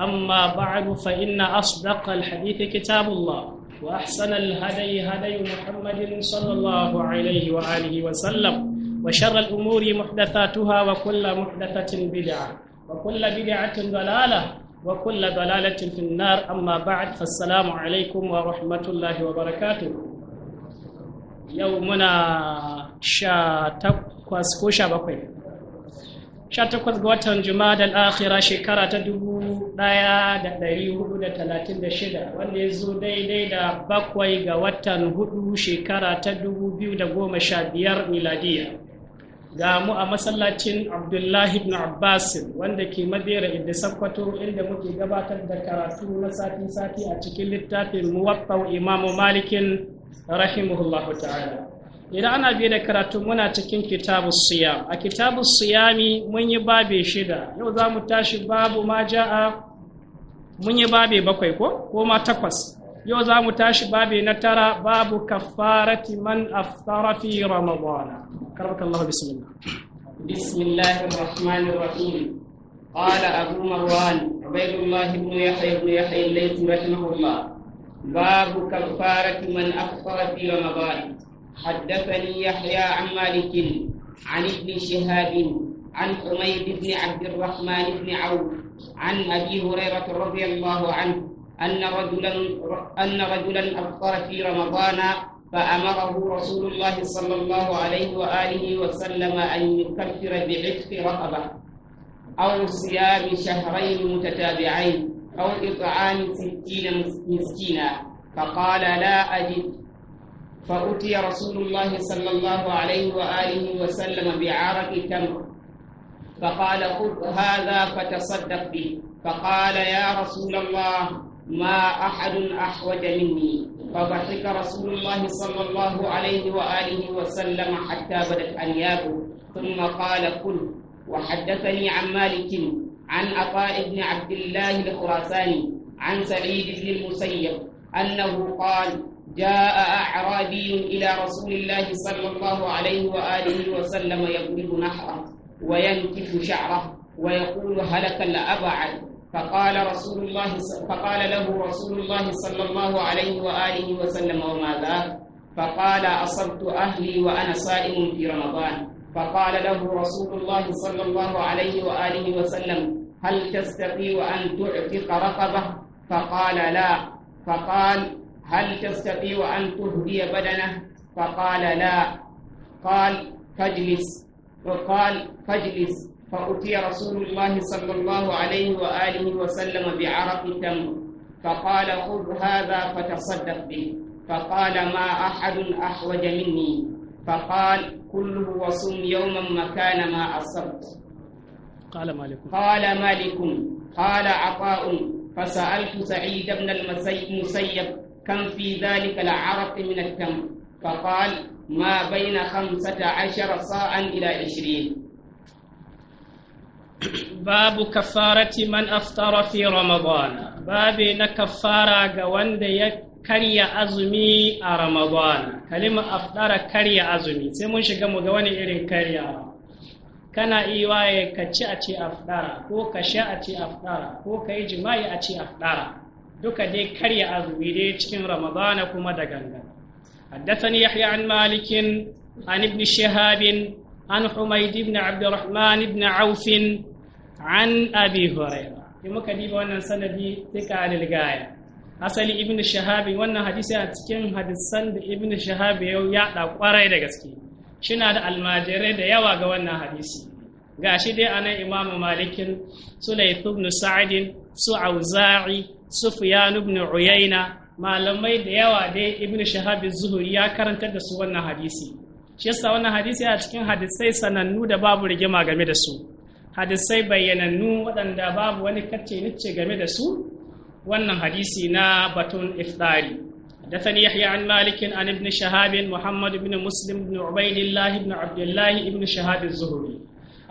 أما بعد فإن أصدق الحديث كتاب الله وأحسن الهدي هدي محمد صلى الله عليه وآله وسلم وشر الأمور محدثاتها وكل محدثة بدعة وكل بدعة ضلالة وكل ضلالة في النار أما بعد فالسلام عليكم ورحمة الله وبركاته يومنا شا تقوى شا بقيم 18 ga watan da Akhira shekara ta dubu da da da hudu talatin shida wanda ya zo daidai da bakwai ga watan hudu shekara ta da 2015 miladiya. Ga mu a masallacin Abdullahi ibn Abbas wanda ke Madera inda sakwato inda muke gabatar da karatu na sati-sati a cikin littafin Muwaffaq Imamu Malikin rahimahullahu ta'ala. idan ana biye da karatu muna cikin kitabu siyam a kitabu siyami mun yi babe shida yau za mu tashi babu ma ja'a mun yi babe bakwai ko ko ma takwas yau za mu tashi babe na tara babu kafarati man aftara fi ramadana allah bismillah bismillahir rahmanir rahim qala abu marwan ubaydullah ibn yahya ibn yahya يحيى الليثي رحمه الله باب كفارة من أفطر في حدثني يحيى عن مالك عن ابن شهاب عن حميد بن عبد الرحمن بن عوف عن أبي هريرة رضي الله عنه أن رجلا أن رجلا أفطر في رمضان فأمره رسول الله صلى الله عليه وآله وسلم أن يكفر بعتق رقبة أو صيام شهرين متتابعين أو إطعام ستين مسكينا فقال لا أجد فأتي رسول الله صلى الله عليه وآله وسلم بعارك تمر فقال خذ هذا فتصدق به فقال يا رسول الله ما أحد أحوج مني فضحك رسول الله صلى الله عليه وآله وسلم حتى بدت أنيابه ثم قال كل وحدثني عن مالك عن عطاء بن عبد الله الخراساني عن سعيد بن المسيب أنه قال جاء أعرابي إلى رسول الله صلى الله عليه وآله وسلم يقلب نحره وينكف شعره ويقول هلك الأبعد فقال رسول الله فقال له رسول الله صلى الله عليه وآله وسلم وماذا؟ فقال أصبت أهلي وأنا صائم في رمضان فقال له رسول الله صلى الله عليه وآله وسلم هل تستطيع أن تعتق رقبة فقال لا فقال هل تستطيع أن تهدي بدنه فقال لا قال فاجلس وقال فاجلس فأتي رسول الله صلى الله عليه وآله وسلم بعرق تمر فقال خذ هذا فتصدق به فقال ما أحد أحوج مني فقال كله وصم يوما مكان ما أصبت قال مالك قال مالك قال عطاء فسألت سعيد بن المسيب كم في ذلك العرق من التمر فقال ما بين خمسة عشر صاعا إلى عشرين باب كفارة من أفطر في رمضان باب نكفارة قوان karya azumi a Ramadan. Kalima afdara karya azumi, sai mun shiga mu ga wani irin karyawa. Kana iya ka ci a ce afdara, ko ka sha a ce afdara, ko ka yi jima'i a ce afdara. duka dai karya azumi dai cikin ramadana kuma da ganga haddathani yahya an malikin an ibn shihab an humayd ibn abd ibn auf an abi hurairah in muka diba wannan sanadi duka lilgaya asali ibn shihab wannan hadisi a cikin hadisan da ibn shihab ya yada kwarai da gaske shina da almajirai da yawa ga wannan hadisi gashi dai anan imamu malikin su layth ibn su auza'i Sufyan ibn Uyayna malamai da yawa dai Ibn Shahab Zuhri ya karanta da su wannan hadisi shi yasa wannan hadisi a cikin hadisai sanannu da babu rigima game da su hadisai bayyanannu waɗanda babu wani kacce nice game da su wannan hadisi na batun iftari حدثني يحيى عن مالك عن ابن شهاب محمد بن مسلم بن عبيد الله بن عبد الله بن شهاب الزهري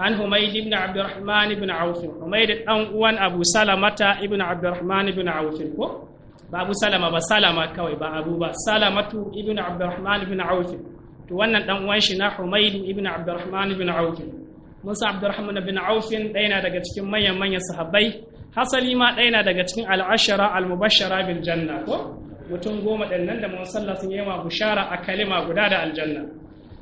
an Humayd ibn Abdurrahman ibn Auf Humayd dan uwan Abu Salamata ibn Abdurrahman ibn Auf ko ba Abu Salama ba Salama kawai ba Abu ba Salamatu ibn Abdurrahman ibn Auf to wannan dan uwan shi na Humayd ibn Abdurrahman ibn Auf Musa Abdurrahman ibn Auf ɗaya na daga cikin manyan manyan sahabbai hasali ma ɗaya na daga cikin al'ashara al-mubashshara bil janna ko mutum goma ɗin nan da mun sallah sun yawa bushara a kalima guda da aljanna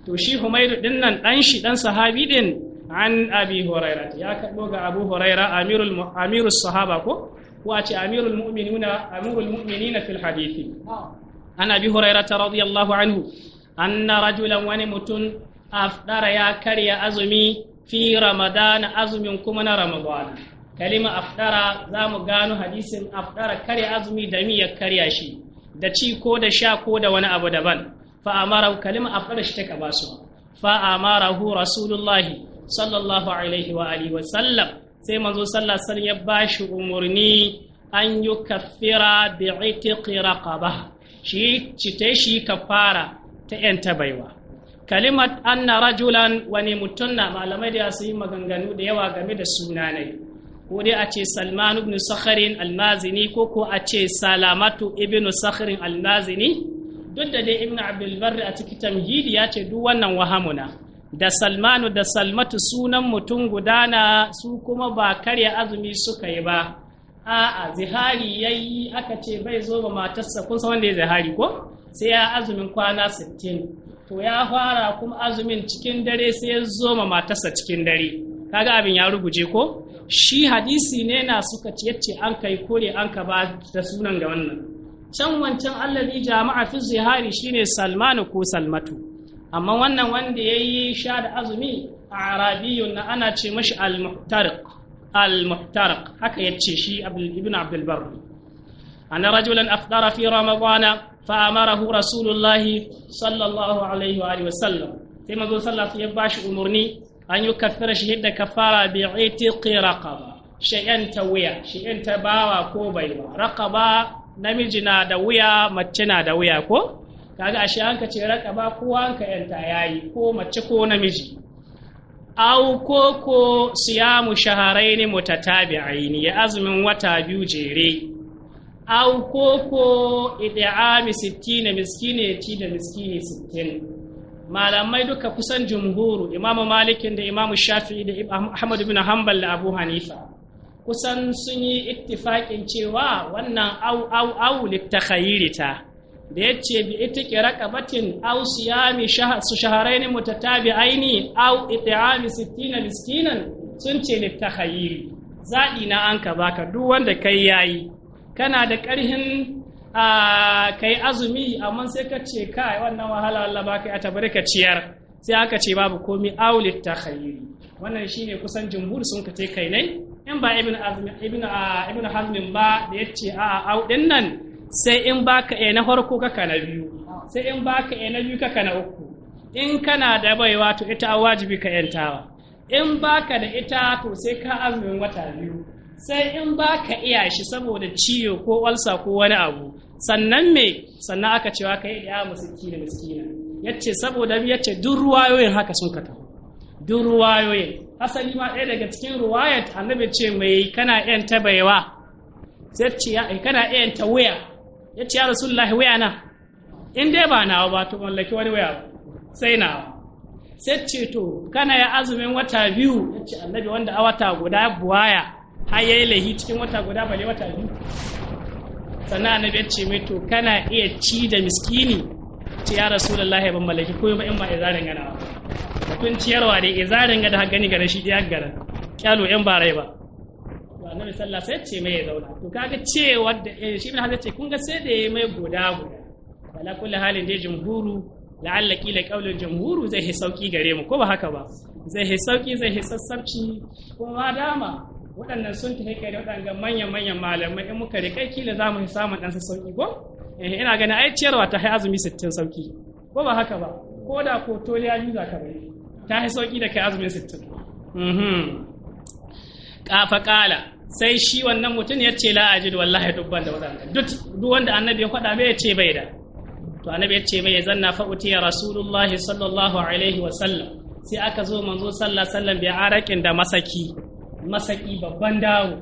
to shi Humaydu ɗin nan ɗan shi ɗan sahabi ɗin an abi huraira ya karbo ga abu huraira amirul amirus sahaba ko ko a ce amirul mu'minina amirul mu'minina fil an abi huraira radiyallahu anhu anna rajulan wani mutum afdara ya karya azumi fi ramadana azumin kuma na ramadana kalima afdara za mu gano hadisin afdara karya azumi da mi ya karya shi da ci ko da sha ko da wani abu daban fa amara kalima afdara shi ta ka basu fa hu rasulullahi sallallahu alaihi wa alihi wa sallam sai manzo sallallahu alaihi ya bashi umurni an yi kafira bi itiqi raqaba shi cite shi kafara ta yan tabaiwa kalimat anna rajulan wani mutum na malamai da su yi maganganu da yawa game da sunanai ko dai a ce salman ibn sakharin almazini ko ko a ce salamatu ibn sakharin almazini duk da dai ibn abdulbarri a cikin tamhidi ya ce duk wannan wahamuna da salmanu da salmatu sunan mutum gudana su kuma ba karya azumi suka yi ba a'a zihari ya yi aka ce bai zo ba matarsa kun san wanda ya zihari ko sai ya azumin kwana 60 to ya fara kuma azumin cikin dare sai ya zo ma matarsa cikin dare kaga abin ya ruguje ko shi hadisi ne na suka ce yace an kai kore an ka ba da sunan ga wannan can wancan allazi jama'a fi zihari shine salmanu ko salmatu amma wannan wanda ya yi sha da azumi a arabiyun na ana ce mashi al-muhtariq al-muhtariq haka ya ce shi ibn abdul barri anna rajulan afdara fi ramadana fa amarahu rasulullahi sallallahu alaihi wa sallam sai mazo sallallahu ya bashi umarni an yi kafira shi da kafara bi itiqi raqaba shi'an ta wuya shi'an bawa ko baiwa raqaba namiji na da wuya mace na da wuya ko kaga ashe an ka ce raqaba ko an ka yanta yayi ko mace ko namiji aw ko ko siyamu shaharaini mutatabi'aini ya azumin wata biyu jere aw ko ko id'ami 60 miskini ya ci da miskini 60 malamai duka kusan jumhuru imamu malikin da imamu shafi'i da ahmad bin hanbal da abu hanifa kusan sun yi ittifaƙin cewa wannan au au au littakhayiri da ya ce bi ita kira kabatin au siyami su shaharaini aini au it'ami sittina miskinan sun ce hayiri zaɗi na an ka baka duk wanda kai yayi kana da ƙarhin kai azumi amma sai ka ce kai wannan wahala Allah baka ya tabari ka ciyar sai aka ce babu komi au hayiri wannan shine kusan jumhur sun ka kai ne in ba ibn azmi ibn ibn ba da yace a'a au din nan sai in baka e na farko kaka na biyu sai in baka e na biyu kaka na uku in kana da baiwa to ita wajibi ka yantawa in baka da ita to sai ka azumin wata biyu sai in baka iya shi saboda ciwo ko walsa ko wani abu sannan me sannan aka cewa ka yi da miskina miskina yace saboda yace duk ruwayoyin haka sun ka taho duk ruwayoyin asali ma ɗaya daga cikin ruwayat annabi ce mai kana yan tabaiwa sai ce kana yan ta wuya ya ce ya rasulullahi waya na in dai ba nawa ba to mallaki wani waya ba sai nawa sai ce to kana ya azumin wata biyu ya ce annabi wanda a wata guda buwaya har ya yi lahi cikin wata guda bale wata biyu sannan annabi ya ce mai to kana iya ci da miskini ce ya rasulullahi ban mallaki ko ba in ba izarin gana ba tun ciyarwa da izarin ga da gani ga shi ya gara kyalo in ba rai ba annabi sallah sai ce mai ya zauna to kaga cewa da eh, shi ibn hazar ce kun ga sai da ya mai goda goda wala kulli halin dai jumhuru la'alla kila qaulul jumhuru zai hi sauki gare mu ko ba haka ba zai hi sauki zai hi ko ma dama waɗannan sun tafi kai da waɗannan manyan manyan malamai in muka rikai kila za mu samu ɗan sauki ko eh, ina ganin ai ciyarwa ta hayazu azumi 60 sauki ko ba haka ba ko da ko toliya biyu za ka bari ta hi sauki da kai azumin 60 mhm kafa kala sai shi wannan mutum ya ce la ajid wallahi dubban da wadanda duk duk wanda annabi ya faɗa mai ya ce bai da to annabi ya ce mai ya zanna fa utiya rasulullahi sallallahu alaihi wa sallam sai aka zo manzo sallallahu alaihi wasallam bi arakin da masaki masaki babban dawo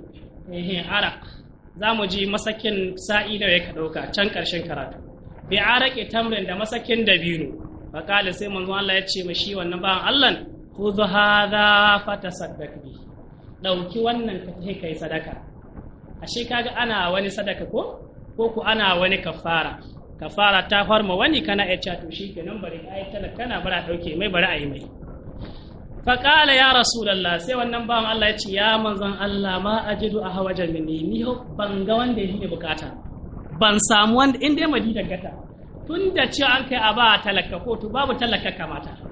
eh arak za mu ji masakin sa'i da ya ka dauka can karshen karatu bi araki tamrin da masakin dabino fa kala sai manzo Allah ya ce mashi wannan ba Allah khudh hadha fatasaddaq bihi ɗauki wannan ka tafi kai sadaka ashe kaga ana wani sadaka ko ko ku ana wani kafara kafara ta farma wani kana ya ce to shikenan bari ai talaka kana bara dauke mai bari ayi mai fa qala ya rasulullah sai wannan bawan Allah ya ce ya manzon Allah ma ajidu a hawajan minni ni ban ga wanda yake bukata ban samu wanda inda ya madina gata tunda cewa an kai a ba talaka ko to babu talaka kamata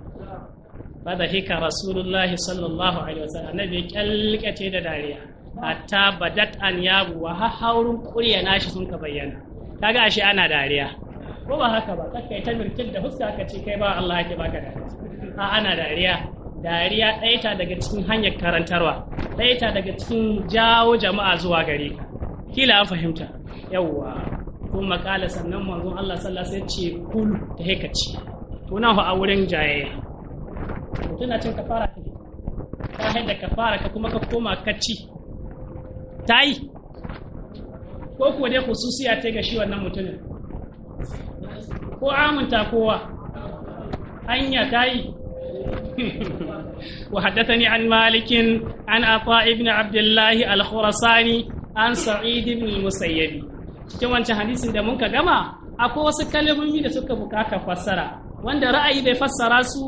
ka rasulullahi sallallahu alaihi wasallam annabi ya kyalkace da dariya hatta badat an yabu wa haurin kurya nashi sun ka bayyana kaga ashe ana dariya ko ba haka ba kai ta mirkin da huska ka ce kai ba Allah yake baka dariya a ana dariya dariya ɗaya ta daga cikin hanyar karantarwa ɗaya ta daga cikin jawo jama'a zuwa gare ka kila an fahimta yawwa kuma makala sannan manzon Allah sallallahu alaihi wasallam ya ce kul ta hekaci to nan fa a wurin jayayya mutum na cin kafara ka ta haida kafara ka kuma ka koma ka ci ta yi ko kuwa dai hususiya ta ga shi wannan mutumin ko aminta kowa hanya ta yi Wa ni an malikin, an عطاء Ibn Abdullahi al الخرساني an سعيد Ibn المسيب cikin wancan hadisin da mun ka gama akwai wasu kalmomi da suka buƙata fassara wanda ra'ayi bai fassara su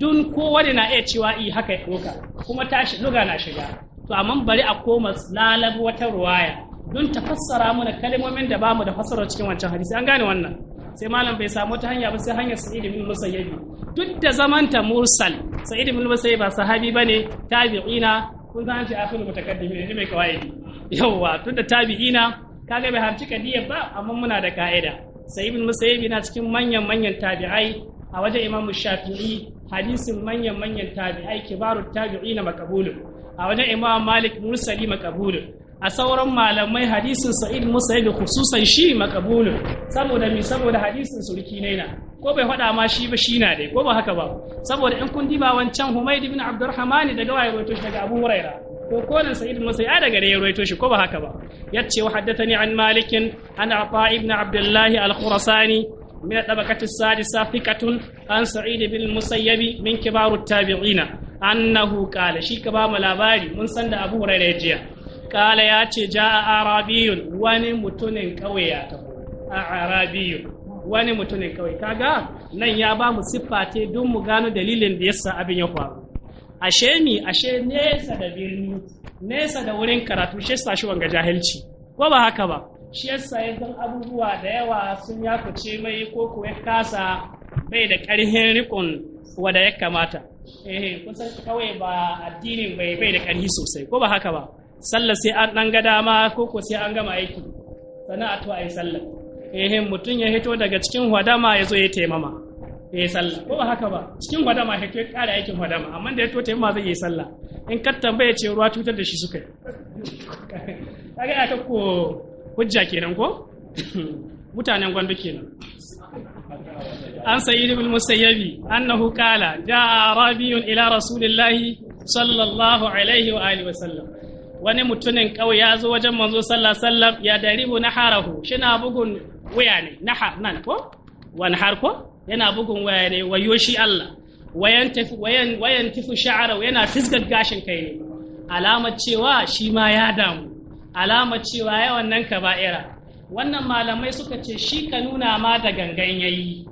dun wani na iya cewa i haka ya ɗauka kuma tashi luga na shiga to amma bari a koma lalabi wata ruwaya don ta fassara mana kalmomin da bamu da fassara cikin wancan hadisi an gane wannan sai malam bai samu ta hanya ba sai hanyar sa'id ibn musayyib duk da zamanta mursal sa'id ibn musayyib ba sahabi bane tabi'ina kun san shi akhir mutakaddimin ne mai kawai yawwa tunda tabi'ina kaga bai harci kadiyar ba amma muna da ka'ida sai ibn musayyib yana cikin manyan manyan tabi'ai a wajen imamu shafi'i hadisin manyan manyan tabi'ai kibaru tabi'i na makabulun a wajen imam malik mursali makabulun a sauran malamai hadisin sa'id musayyib khususan shi makabulun saboda mi saboda hadisin surki ne na ko bai faɗa ma shi ba shi na dai ko ba haka ba saboda in kun diba wancan humaid ibn abdurrahman daga waye daga abu huraira ko kolan sa'id musa ya daga ne ya shi ko ba haka ba yace wa haddathani an malikin an afa ibn abdullah al-khurasani min tabaqati sadisa thiqatun an sa'id bin musayyib min kibarut tabi'ina annahu qala shi ka ba mu labari mun san da abu hurairah jiya kala ya ce ja'a arabiyun wani mutumin kauye ya a arabiyun wani mutumin kauye kaga nan ya ba mu siffa te don mu gano dalilin da yasa abin ya faru ashe mi ashe nesa da birni nesa da wurin karatu shi yasa shi wanga jahilci ko ba haka ba shi yasa yanzu abubuwa da yawa sun ya yakuce mai ko kuwa kasa bai da karhin rikon wanda ya kamata eh kusan kawai ba addinin bai bai da ƙarhi sosai ko ba haka ba sallah sai an dan ga dama ko ko sai an gama aiki sana'a to ai sallah eh mutum ya hito daga cikin hadama yazo ya taimama ya eh, yi sallah ko ba haka ba cikin gwadama ya ke kara aikin gwadama amma da ya tota yamma zai yi sallah in ka tambaya ce ruwa cutar da shi suka yi kaga ya ta ko hujja kenan ko mutanen gwandu kenan an sayi ibn musayyabi annahu qala jaa rabiyun ila rasulillahi sallallahu alaihi wa alihi wasallam wani mutumin kawai ya zo wajen manzo sallallahu sallam ya daribu naharahu shina bugun wuya ne nahar nan ko wani har ko yana bugun waya ne wayo Allah wayan tafi wayan sha'ara yana fisgar gashin kai ne alamar cewa shi ma ya damu alamar cewa ya wannan Ira. wannan malamai suka ce shi ka nuna ma da gangan yayi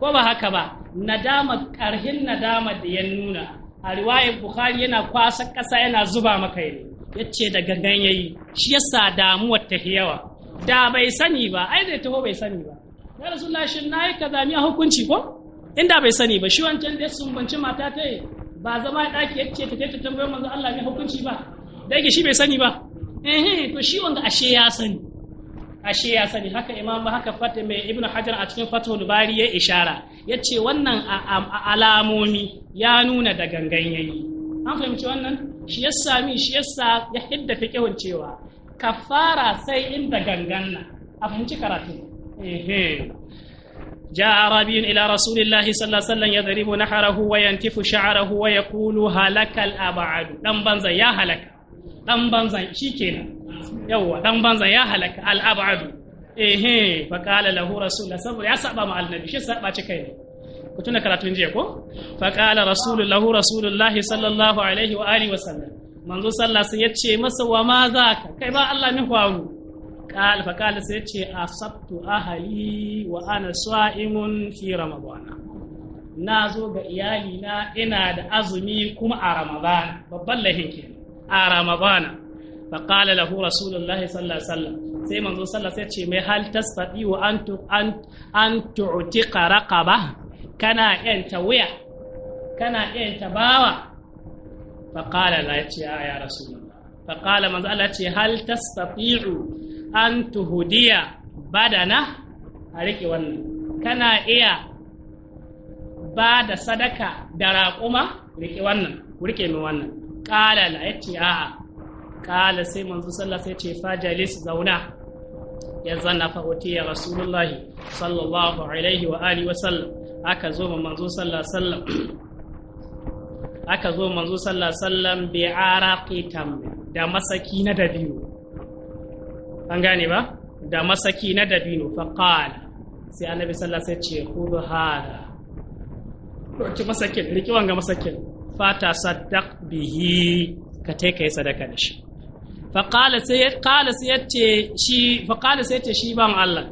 ko ba haka ba nadama karhin nadama da ya nuna a riwayar bukhari yana kwasa ƙasa yana zuba maka ne yace da gangan yayi shi yasa damuwar ta yawa da bai sani ba ai da taho bai sani ba ya rasulullah na yi kaza miya hukunci ko inda bai sani ba shi wancan da ya sumbanci mata ta yi ba zama ya ɗaki yace ta ta tambayar manzo Allah ne hukunci ba da yake shi bai sani ba eh to shi wanga ashe ya sani ashe ya sani haka imam haka fata mai ibn hajar a cikin fatahul bari ya ishara yace wannan alamomi ya nuna da gangan yayi an fahimci wannan shi ya sami shi ya sa ya hidda fiqhun cewa kafara sai inda gangan na a fahimci karatu جاء أعرابي إلى رسول الله صلى الله عليه وسلم يضرب نحره وينتف شعره ويقول هلك الأبعد دم بنزا يا هلك دم بنزا شيكينا يوا دم بنزا يا هلك الأبعد إيه فقال له رسول الله صلى الله عليه وسلم النبي شو سبب كيني ku tuna karatun jiya ko faqala rasulullahu rasulullahi sallallahu alaihi wa alihi wa sallam manzo sallallahu alaihi wasallam yace masa wa ma zaka kai ba Allah min faru qala fa qala sai ce asabtu ahli wa ana sa'imun fi ramadana na zo ga iyali na ina da azumi kuma a ramadana babban lahin ke a ramadana fa qala lahu rasulullahi sallallahu alaihi wasallam sai manzo sallallahu sai ce mai hal tasfadi wa an an tu'tiqa raqaba kana yanta wuya kana yanta bawa fa qala la ya rasulullah fa qala manzo Allah ce hal tastati'u an tuhudiya badana a riƙe wannan kana iya ba da sadaka da raƙuma riƙe wannan riƙe wannan ƙala la ya ce a'a ƙala sai manzo sallah sai ce fajalis zauna ya zanna fa'oti ya rasulullahi sallallahu alaihi wa ali wa sallam aka zo manzo sallah sallam aka zo manzo sallah sallam bi araqi tam da masaki na dabiu an gane ba da masaki na dabino faqal sai annabi sallallahu alaihi wasallam ya ce khudhu hada roki masakin riki wanga masakin fata saddaq bihi ka tai kai sadaka da shi fa qala sai qala sai yace shi fa qala sai yace shi ban Allah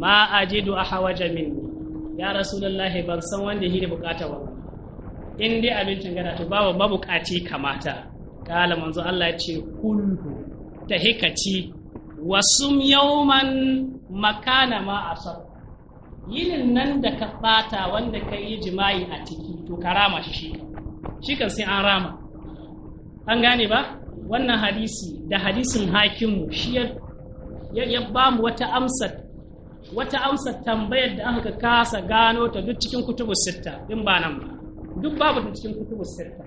ma ajidu ahwaja minni ya rasulullahi ban san wanda yake bukata ba in dai abincin gada to babu mabukaci kamata kala manzo Allah ya ce kullu ta hikaci wasum yauman makana ma asar yinin nan da ka bata wanda ka yi jima'i a ciki to ka rama shi shi kan sai an rama an gane ba wannan hadisi da hadisin hakimu shi ya ba mu wata amsa wata amsa tambayar da aka kasa gano ta duk cikin kutubu sitta din ba nan ba duk babu cikin kutubu sitta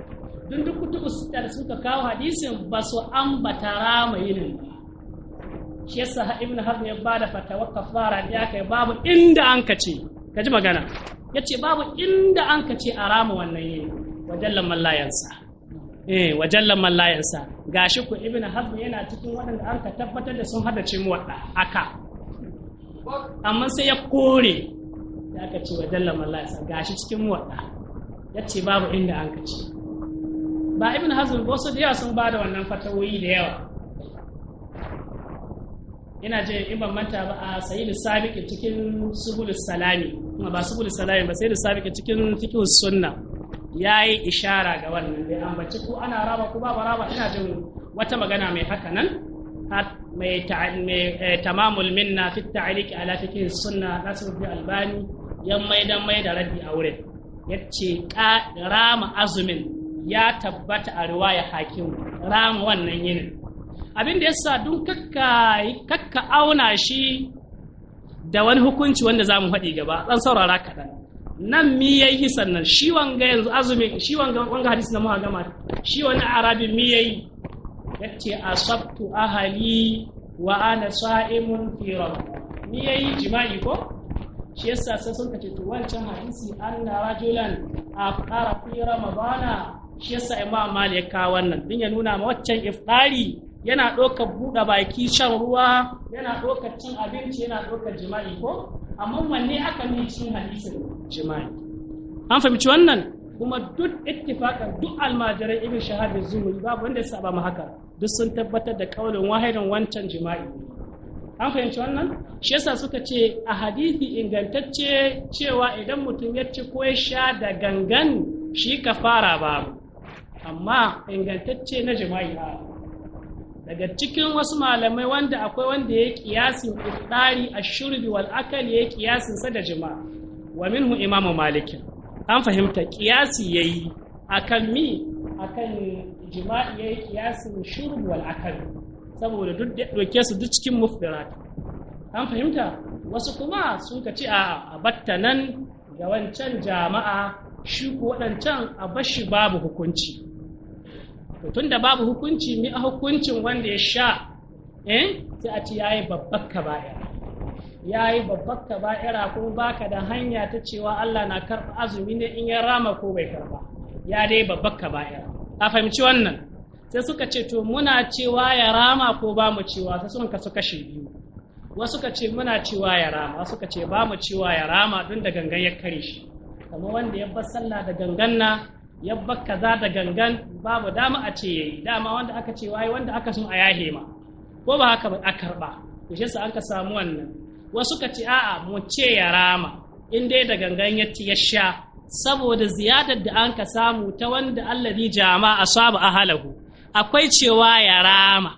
duk kutubu sitta da suka kawo hadisin ba su ambata rama yinin ba shi yasa ibn hazm ya bada fatawa kafara ya kai babu inda an kace kaji magana yace babu inda an kace a rama wannan yayi wajallan mallayansa eh wajallan mallayansa gashi ku ibn hazm yana cikin waɗanda an ka tabbatar da sun hada ce mu aka amma sai ya kore da aka ce wajallan mallayansa gashi cikin mu yace babu inda an kace ba ibn hazm ba su da yawa sun bada wannan fatawoyi da yawa ina jin in ban manta ba a sayi sabiq cikin subul salami kuma ba subul salami ba sayyid sabiq cikin fiqh sunna yi ishara ga wannan dai ambaci ko ana raba ko ba raba ina jin wata magana mai haka nan mai eh, tamamul minna fi ta'liq ala fiqh sunna bi albani yan mai dan mai da rabi a wurin yace rama azumin ya tabbata a riwaya hakim rama wannan yinin abin da yasa dun kakka kakka auna shi da wani hukunci wanda za mu faɗi gaba ɗan saurara kaɗan nan mi ya yi sannan shi wanga yanzu azumi shi wanga wanga hadisi na muka gama shi wani Arabi mi ya yi ya ce asabtu ahali wa ana sa'imun fi mi ya jima'i ko shi yasa sai sun kace to wancan hadisi anna rajulan afqara fi ramadana shi yasa imam malik ya kawo wannan din ya nuna ma waccan iftari yana ɗaukar buɗe baki shan ruwa yana ɗaukar cin abinci yana ɗaukar jima'i ko amma wanne aka ne cikin hadisin jima'i an fahimci wannan kuma duk ittifakan duk almajirai ibn shahab da babu wanda ya saba haka duk sun tabbatar da kaulin wahidan wancan jima'i an fahimci wannan shi yasa suka ce a hadisi ingantacce cewa idan mutum ya ci ko ya sha da gangan shi ka fara ba, amma ingantacce na jima'i ba daga cikin wasu malamai wanda akwai wanda ya kiyasin iftari a wal akal ya kiyasin sa da jima wa minhu imamu malikin an fahimta kiyasi yayi akan mi akan jima'i yi kiyasin shurbi wal akal saboda duk da doke su duk cikin mufdirat an fahimta wasu kuma sun ka ci a batta nan ga wancan jama'a shi ko waɗancan a bashi babu hukunci tunda babu hukunci mi a hukuncin wanda ya sha eh sai a ce yayi babbar kaba'ira yayi babbar kaba'ira ko baka da hanya ta cewa Allah na karɓa azumi ne in ya rama ko bai karɓa ya dai babbar kaba'ira a fahimci wannan sai suka ce to muna cewa ya rama ko ba mu cewa sai sun kasu kashe biyu wasu ka ce muna cewa ya rama wasu ka ce ba mu cewa ya rama don da gangan ya kare shi kamar wanda ya bar sallah da gangan na ya kaza da gangan babu dama a ce yayi dama wanda aka ce wai wanda aka sun a yahe ma ko ba haka ba a karba to shi sa aka samu wannan wasu ka ce a'a mu ce ya rama in dai da gangan ya ci ya sha saboda ziyadar da an ka samu ta wanda allazi jama asaba ahalahu akwai cewa ya rama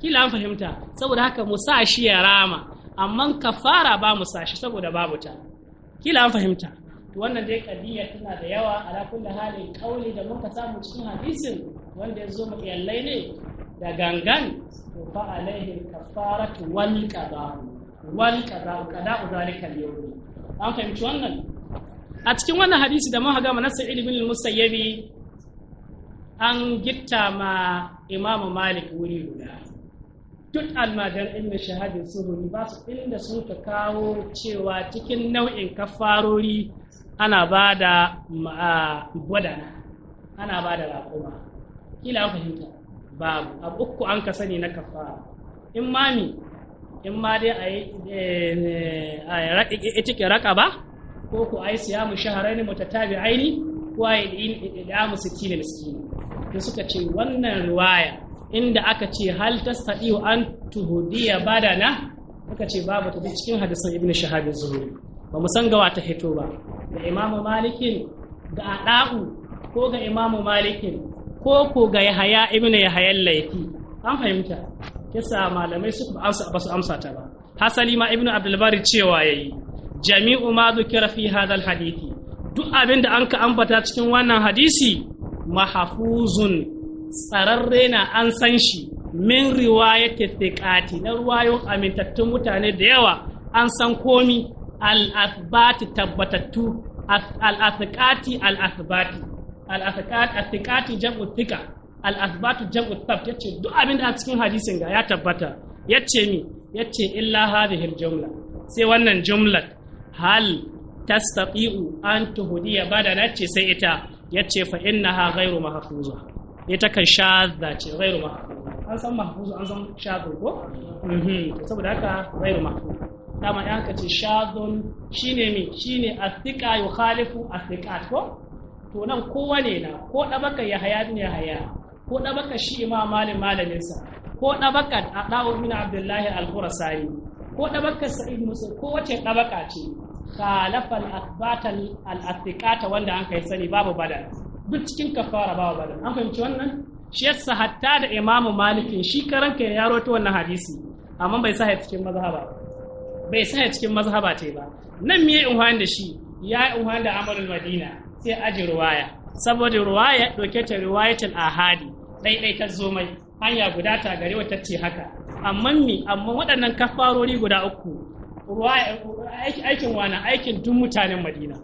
kila an fahimta saboda haka mu sa shi ya rama amma kafara ba mu sa shi saboda babu ta kila an fahimta wannan dai kadiya tana da yawa ala kulli halin kauli da muka samu cikin hadisin wanda ya zo iyalai ne da gangan to fa alaihi kafaratu wal qada wal qada qada zalika al yawm an fahimci wannan a cikin wannan hadisi da muka ga manasa ibn al-musayyibi an gitta ma imam malik wuri guda duk almajan ilmin shahadin suhuri ba su inda sun ta kawo cewa cikin nau'in kafarori ana ba da gwadana ana ba da raƙuma kila an fahimta babu abu uku an ka sani na kafa. in ma mi in ma dai a yi eh, eh, cike raka ba ko ku a yi siya mu shaharai ne tabi aini ko a yi idamu sikini miskini da suka ce wannan ruwaya inda aka ce hal wa an tuhudiya badana aka ce babu ta cikin hadisan ibn shahab az ba mu san gawa ta hito ba ga imamu malikin ga ada'u ko ga imamu malikin ko ko ga yahaya ibnu yahaya laifi an fahimta kisa malamai su ba su amsa ta ba hasali ma ibnu abdulbari cewa yayi jami'u ma dhukira fi hadal hadisi duk abin da an ka ambata cikin wannan hadisi mahafuzun tsararre na an san shi min riwayat tiqati na ruwayon amintattun mutane da yawa an san komi Al'asibati tabbatattu al Al'asibati, Al'asikati, asbati al-asqat asqati jam'u thika al yace duk abin da a cikin hadisin ga ya tabbata yace mi yace illa hadhihi jumla sai wannan jumlar hal tastati'u an ba da badana ce sai ita yace fa innaha ghairu mahfuza ita kan shadda ce ghairu mahfuza an san mahfuza an san shadda ko mhm. saboda haka ghairu mahfuza kama ya ka ce shazon ne mi yi asika a asiqat ko to nan kowa ne na ko ya yahaya ne yahaya ko dabaka shi imam malim malaminsa ko ko a adawu bin abdullahi al-khurasani ko dabaka sa'id musa ko wace dabaka ce khalafa al-athbat al-asiqat wanda an kai sani babu badal duk cikin kafara babu badal an fahimci wannan shi yasa hatta da imamu malikin shi karanka ya roto wannan hadisi amma bai sa cikin mazhaba ba bai sanya cikin mazhaba ce ba nan me in da shi ya in da Amadu madina sai aji ruwaya saboda ruwaya ɗauke ta riwayatul ahadi ɗaiɗai ta zo mai hanya guda ta gare wata ce haka amma mi amma waɗannan kafarori guda uku ruwaya aikin wani aikin duk mutanen madina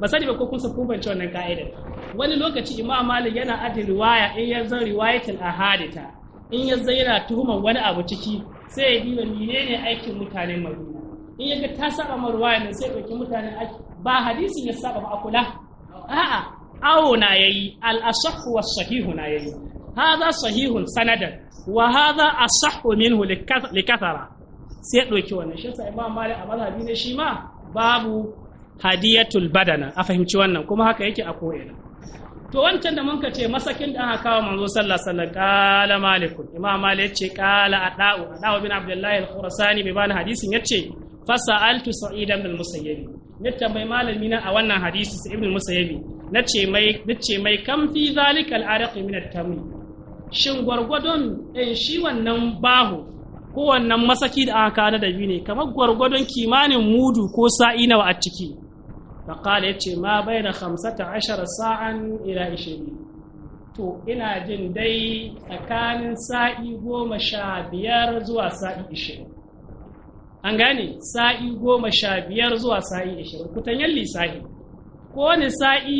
ba sani ba ko kun san kubance wannan ka'ida wani lokaci imam malik yana aji riwaya in ya zan riwayatul ta, in ya zan yana tuhumar wani abu ciki sai ya diba menene aikin mutane madina in yaga ta saba ma ne sai ɗauki aiki. ba hadisin ya saba ma akula a'a awo na yayi al asahhu was sahihu na yayi hadha sahihun sanadan wa hadha asahhu minhu kathara sai ɗauki wannan shi sai imam mali a mazhabi ne shi ma babu hadiyatul badana a fahimci wannan kuma haka yake a ko'ina to wancan da mun ce masakin da aka kawo manzo sallallahu alaihi wasallam qala malikun imam malik yace adau adau bin abdullahi al bani hadisin yace fasa'altu sa'id ibn al-musayyib ne tambayi malami na a wannan hadisi sa ibn al-musayyib nace mai nace mai kam fi zalika al min at-tamr shin gwargwadon in eh, shi wannan baho ko wannan masaki da aka kawo da bi ne kamar gwargwadon kimanin mudu ko sa'i nawa a ciki فقال يتشي ما بين خمسة عشر ساعة إلى عشرين to ina jin dai tsakanin sa'i goma sha biyar zuwa sa'i ishirin an gane sa'i goma sha biyar zuwa sa'i ishirin kutanyen lissahi ko wani sa'i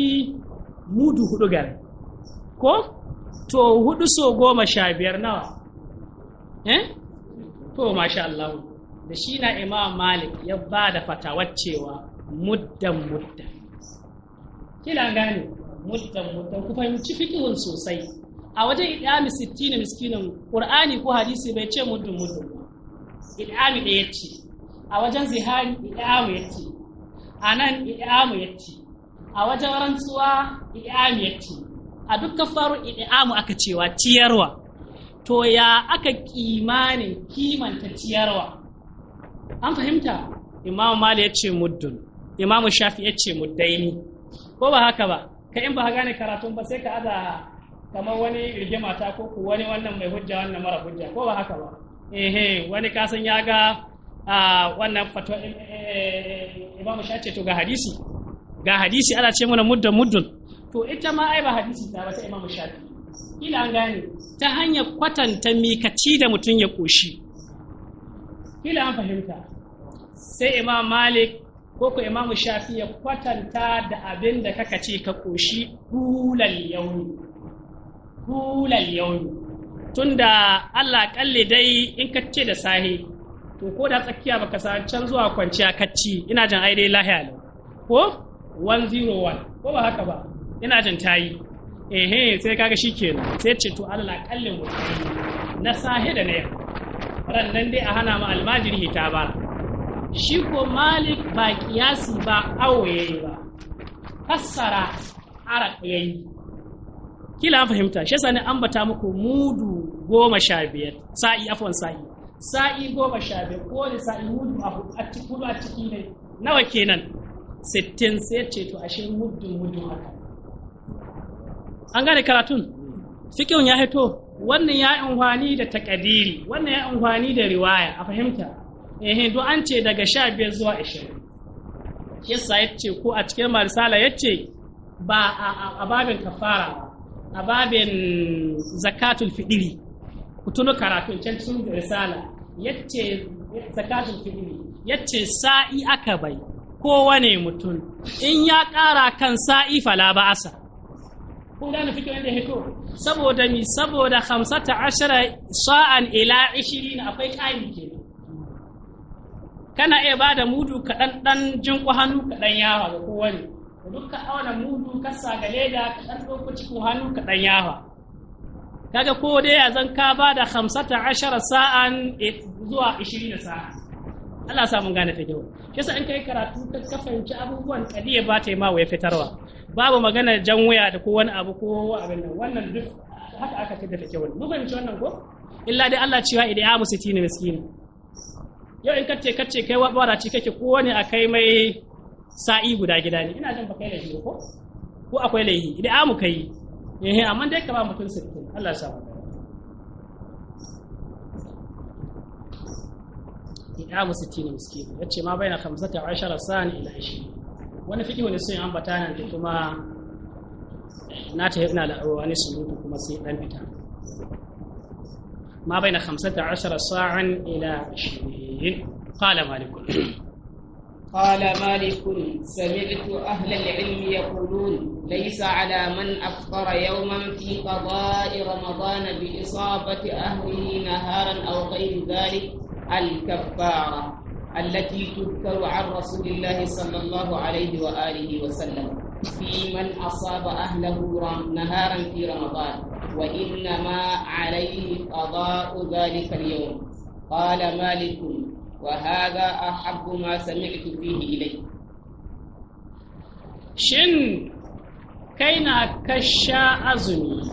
mudu hudu gare ko to hudu so goma sha biyar nawa eh to masha Allah da shi na imam malik ya ba da fatawar cewa muddan muddan kila gane muddan muddan ku fahimci fikihun sosai a wajen idami sittina miskinin qur'ani ko hadisi bai ce muddun muddun idami da yace a wajen zihari idamu yace a nan idamu yace a wajen rantsuwa idamu yace a dukkan faru idamu aka cewa ciyarwa to ya aka kimanin kimanta ciyarwa an fahimta imam mali ya ce muddun imam shafi ya ce muddaini ko ba haka ba ka in ba ka gane karatun ba sai ka aza kamar wani rigima ta ko ku wani wannan mai hujja wannan mara hujja ko ba haka ba eh wani kasan ya ga wannan fatwa eh, eh, imam shafi ce to ga hadisi ga hadisi ana ce mana muddan muddun to ita ma ai ba hadisi ta ba sai imam shafi ila an gane ta hanyar kwatanta mikaci da mutum ya koshi ila an fahimta sai imam malik ko ku imamu shafi ya kwatanta da abin da kaka ce ka koshi hulal yauni hulal yauni tunda Allah kalle dai in ka ce da sahi to ko da tsakiya baka sa can zuwa kwanciya kacci ina jin ai dai lahiya ne ko 101 ko ba haka ba ina jin tayi ehe sai kaga shikenan sai ce to Allah kalle mu na sahi da na yau ran nan dai a hana mu almajiri ta ba shi ko malik ba kiyasi ba awo ba fassara ara ya yi kila an fahimta shi yasa ne ambata muku mudu goma sha biyar sa'i afwan sa'i sa'i goma sha biyar ko ne sa'i mudu a cikin a ciki ne nawa kenan sittin sai ce to ashe mudun mudun haka an gane karatun fikin ya hito wannan ya amfani da takadiri wannan ya amfani da riwaya a fahimta eh duk an ce daga sha biyar zuwa ashirin yasa ya ce ko a cikin marisala ya ce ba a babin kafara a babin zakatul fiɗiri kutunu karatun can cikin marisala ya ce zakatul fiɗiri ya ce sa'i aka bai ko wane mutum in ya ƙara kan sa'i fala ba asa kun gane fikirin da hito saboda mi saboda hamsata ashara sa'an ila ashirin akwai ƙari kenan kana iya ba da mudu kaɗan ɗan jinƙu hannu kaɗan yawa ga kowane duk ka auna mudu kasa ga leda ka ɗan ɗauko cikin hannu kaɗan yawa kaga ko dai ya zan ka ba da hamsata ashara sa'an e, zuwa ishirin sa'a Allah sa mun gane ta kyau shi in kai karatu ka kafanci abubuwan kadiya ba ta yi ma ya fitarwa babu magana jan waya da ko wani abu ko abin nan wannan duk haka aka fitar da kyau mun fahimci wannan ko illa dai Allah cewa idan ya musu tini miskini yau in kace kace kai ci kake ko wani a kai mai sa'i guda gida ne ina jin ba kai laifi ko ko akwai laifi idan amu kai eh amma dai ka ba mutum sittin Allah ya sa mu idamu sittin miskin yace ma baina 15 sa'an ila 20 wani fiki wani sai an nan da kuma eh, na ta yi ina la'awa ne su kuma sai dan fita ما بين 15 ساعة إلى 20 قال مالك قال مالك سمعت أهل العلم يقولون ليس على من أفطر يوما في قضاء رمضان بإصابة أهله نهارا أو غير ذلك الكفارة التي تذكر عن رسول الله صلى الله عليه وآله وسلم في من أصاب أهله نهارا في رمضان وإنما عليه قضاء ذلك اليوم قال مالك وهذا أحب ما سمعت فيه إليه shin kai na kasha azumi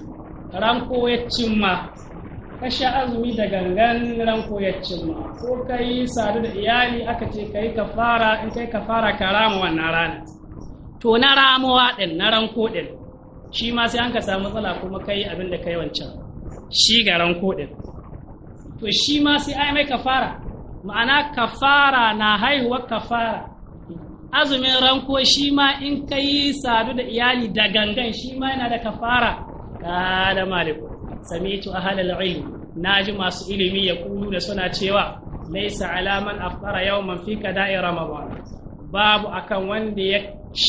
ranko ya cimma kasha azumi da gangan ranko ya cimma ko kai sadu da iyali aka ce kai kafara in kai fara ka rama wannan rana to na ramuwa din na ranko din shi ma sai an ka samu matsala kuma kai abin da kai wancan shi garan kodin to shi ma sai ai mai kafara ma'ana kafara na haihuwar kafara azumin ranko shi ma in ka yi sadu da iyali da gangan shi ma yana da kafara kala malik samitu ahlal ilm naji masu ilimi ya kulu da suna cewa laisa alaman yau, yawman fi kada'i ramadan babu akan wanda ya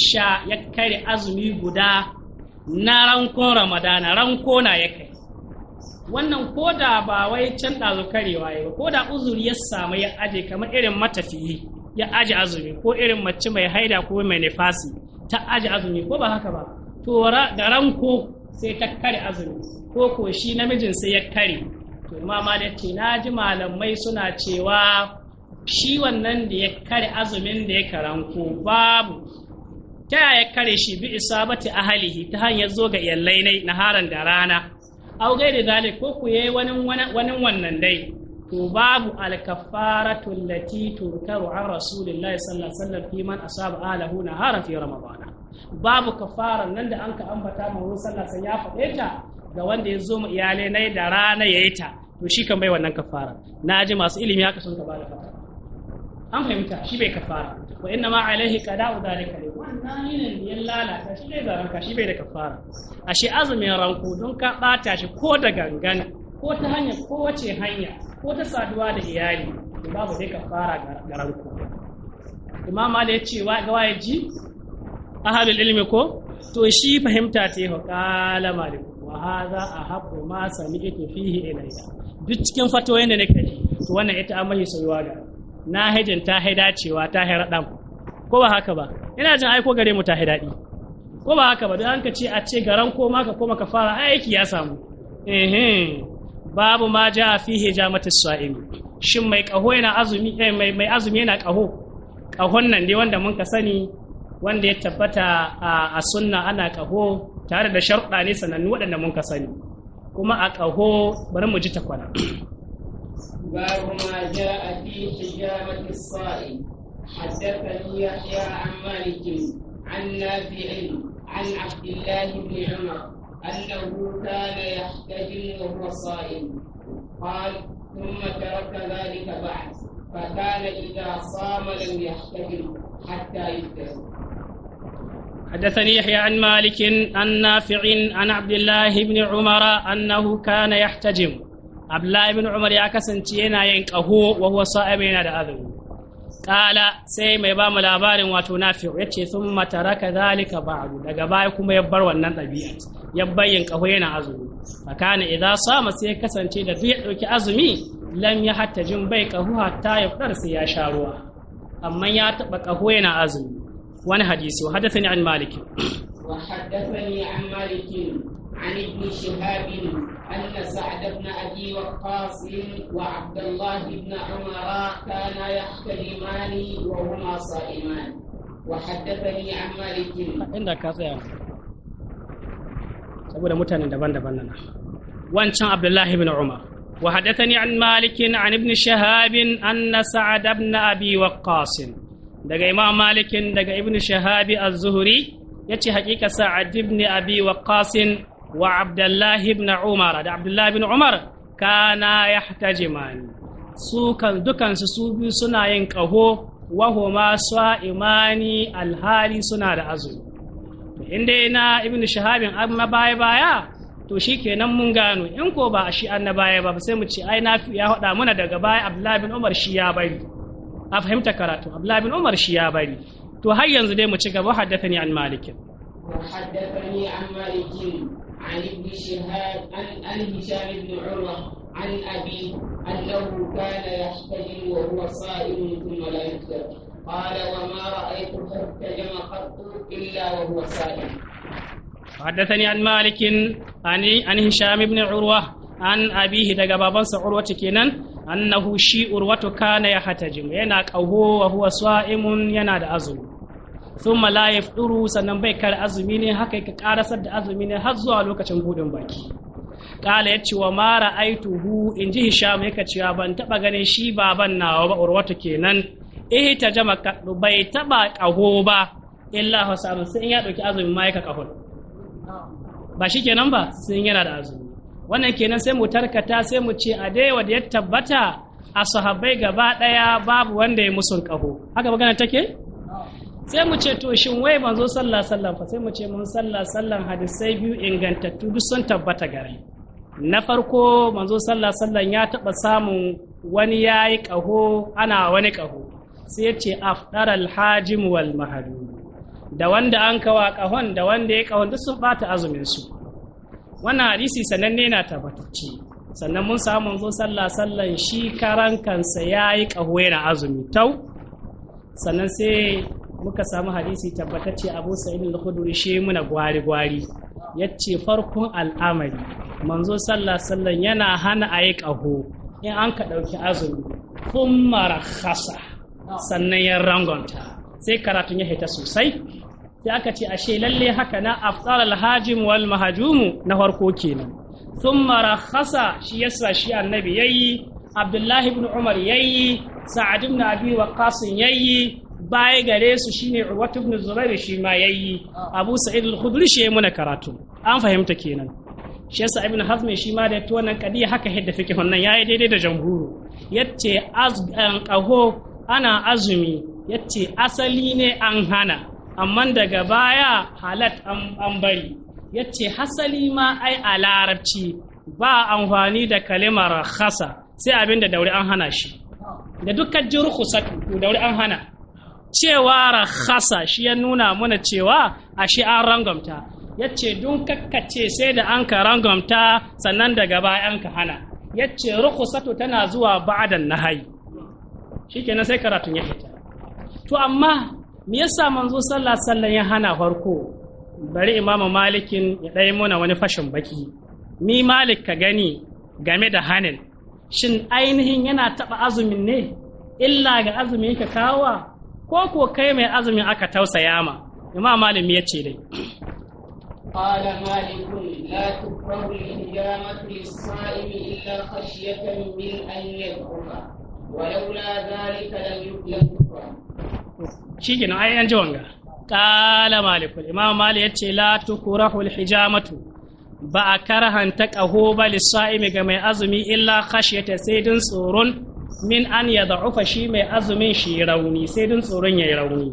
sha ya kare azumi guda na ranko ramadana ranko na ya kai wannan ko da ba wai can ɗazu karewa ya ko da uzuri ya samu ya aje kamar irin matafiyi ya aje azumi ko irin mace mai haida ko mai nifasi ta aje azumi ko ba haka ba to da ranko sai ta kare azumi ko ko shi namijin sai ya kare to ma da ce na ji malamai suna cewa shi wannan da ya kare azumin da ya karanko babu ta yaya kare shi bi isabati ahlihi ta hanyar zo ga iyalai na haran da rana au da zalik ko ku yayi wani wani wannan dai to babu alkafaratu lati turkaru an rasulillahi sallallahu alaihi wasallam fi man asaba na haran fi ramadana babu kafaran nan da an ka ambata mu sallallahu alaihi wasallam ya faɗe ta ga wanda ya zo mu iyalai nai da rana yayi ta to shi kan bai wannan kafara na ji masu ilimi haka sun ka bada kafara an fahimta shi bai kafara wa inna ma alaihi qada'u dhalika wannan yinin ya lalata shi dai ka shi bai da kafara ashe azumin ranku don ka bata shi ko da gangan ko ta hanya ko wace hanya ko ta saduwa da iyali babu dai kafara ga ranku imam ali ya ce ga wayaji ahalul ilmi ko to shi fahimta ta yi qala malik wa hadha ahabu ma sami'tu fihi ilayya duk cikin fatoyin da nake to wannan ita amma yi sayuwa ga na ta haida cewa ta haira ɗan ko ba haka ba ina jin aiko gare mu ta haida ɗi ko ba haka ba don an ka ce a ce garan koma ka koma ka fara aiki ya samu babu ma ja fi mata sa'im shin mai kaho yana azumi eh, mai azumi yana kaho kahon nan dai wanda mun ka sani wanda ya tabbata a sunna ana kaho tare da sharuɗa ne sanannu waɗanda mun ka sani kuma a kaho bari mu ji takwana باب ما جاء في حجامة الصائم حدثني يحيى عن مالك عن نافع عن عبد الله بن عمر أنه كان يحتجم وهو صائم قال ثم ترك ذلك بعد فكان إذا صام لم يحتجم حتى يفتر حدثني يحيى عن مالك عن نافع عن عبد الله بن عمر أنه كان يحتجم abdullahi bin umar ya kasance yana yin kaho wa huwa yana da azumi Ƙala sai mai ba mu labarin wato nafi yace sun mataraka zalika ba'du daga baya kuma ya bar wannan ɗabi'a ya bayyin kaho yana azumi Makana idza sama sai kasance da duk ya dauki azumi lam ya hatta jin bai ƙaho hatta ya fadar sai ya sha ruwa amma ya taba ƙaho yana azumi wani hadisi wa hadathani an maliki وحدثني عن مالك عن ابن شهاب أن سعد بن أبي وقاص وعبد الله بن عمر كانا يحتلمان وهما صائمان وحدثني عن مالك عندك يا saboda mutane daban-daban nan wancan abdullahi bin umar wa hadathani an malik an ibn shahab anna sa'ad ibn abi waqqas daga imam malik daga ibn shahab az-zuhri ya ce hakika sa'ad ibn abi waqqas wa abdullah ibn umar da abdullah ibn umar kana yahtajimani su kan dukan su su biyu suna yin kaho wa huma imani alhali suna da azumi inda na ibn shahabin amma baya baya to shi kenan mun gano in ko ba shi an na baya ba sai mu ce ai na ya hada mana daga baya abdullahi ibn umar shi ya bari a fahimta karatu abdullahi ibn umar shi ya bari to har yanzu dai mu ci gaba haddathani وحدثني عن مالك عن ابن شهاب عن عن هشام بن عروه عن أبي انه كان يحتجم وهو صائم ثم لا يفطر قال وما رايته احتجم قط الا وهو صائم حدثني عن مالك عن عن هشام بن عروه عن ابيه دغ بابا عروه كينان annahu shi urwatu kana ya hatajimu yana ƙaho wa huwa sa'imun yana da azumi sun la yafduru sannan bai kar azumi ne haka ka karasar da azumi ne har zuwa lokacin buɗin baki kala ya ce wa mara hu, in ji hisham yaka cewa ban taba ganin shi baban nawa ba urwatu kenan ihi eh, ta jama bai taba kaho ba illa hasan sai in ya dauki azumi ma yaka kahon ba shi kenan ba sai yana da azumi wannan kenan sai mu tarkata sai mu ce a dai wanda ya tabbata a sahabbai gaba daya babu wanda ya musul kaho haka magana take sai mu ce to shin wai manzo sallah sallan fa sai mu ce mun sallah sallan hadisai biyu ingantattu duk sun tabbata gare na farko manzo sallah sallan ya taba samun wani yayi kaho ana wani kaho sai ya ce afdar alhajim wal mahadu da wanda an kawa kahon da wanda ya kahon duk sun bata azumin su wannan hadisi sananne na tabbatacce sannan mun samu manzo sallah sallan shi karan kansa yayi kaho yana azumi tau sannan sai muka samu hadisi tabbatacce abu sa'id al-khudri shi muna gwari gwari yace farkon al'amari manzo sallah sallan yana hana ayi kaho in an ka dauki azumi kuma rakhasa sannan ya rangonta sai karatun ya hita sosai sai aka ce ashe lalle haka na afsar alhajim wal mahajumu na farko kenan thumma rakhasa shi yasa shi annabi yayi abdullahi ibn umar yayi sa'ad ibn abi waqqas yayi baya gare su shine urwat ibn zubair shi ma yayi abu sa'id al-khudri shi muna karatu an fahimta kenan shi yasa ibn hazm shi ma da wannan kadiya haka hidda fiki wannan yayi daidai da jamhuru yace an qaho ana azumi yace asali ne an hana amma daga baya halat an bari yace hasali ma ai a larabci ba amfani da kalimar khasa sai abin da daure an hana shi da dukkan ji daure an hana cewa rakhasa shi ya nuna mana cewa ashe an rangamta ya ce dun kakkace sai da an ka rangamta sannan daga baya an ka hana ya ce rukusatu tana zuwa ba'dan nahayi shikenan sai karatun ya fita to amma me yasa manzo sallallahu alaihi wasallam ya hana farko bari imamu malikin ya ɗaya muna wani fashin baki ni malik ka gani game da hanin shin ainihin yana taɓa azumin ne illa ga azumi ka kawa ko ko kai mai azumin aka tausaya ma imam malik ya ce dai قال مالك لا تكره الهجامة للصائم إلا خشية من أن يكفر ولولا ذلك لم يكره shi ke nan ayyan jiwon ga qala malikul imam malik yace la tukrahu alhijamatu ba a karhanta qaho ba lisa'imi ga mai azumi illa khashyata sai din tsoron min an yad'ufa shi mai azumin shi rauni sai din tsoron yayi rauni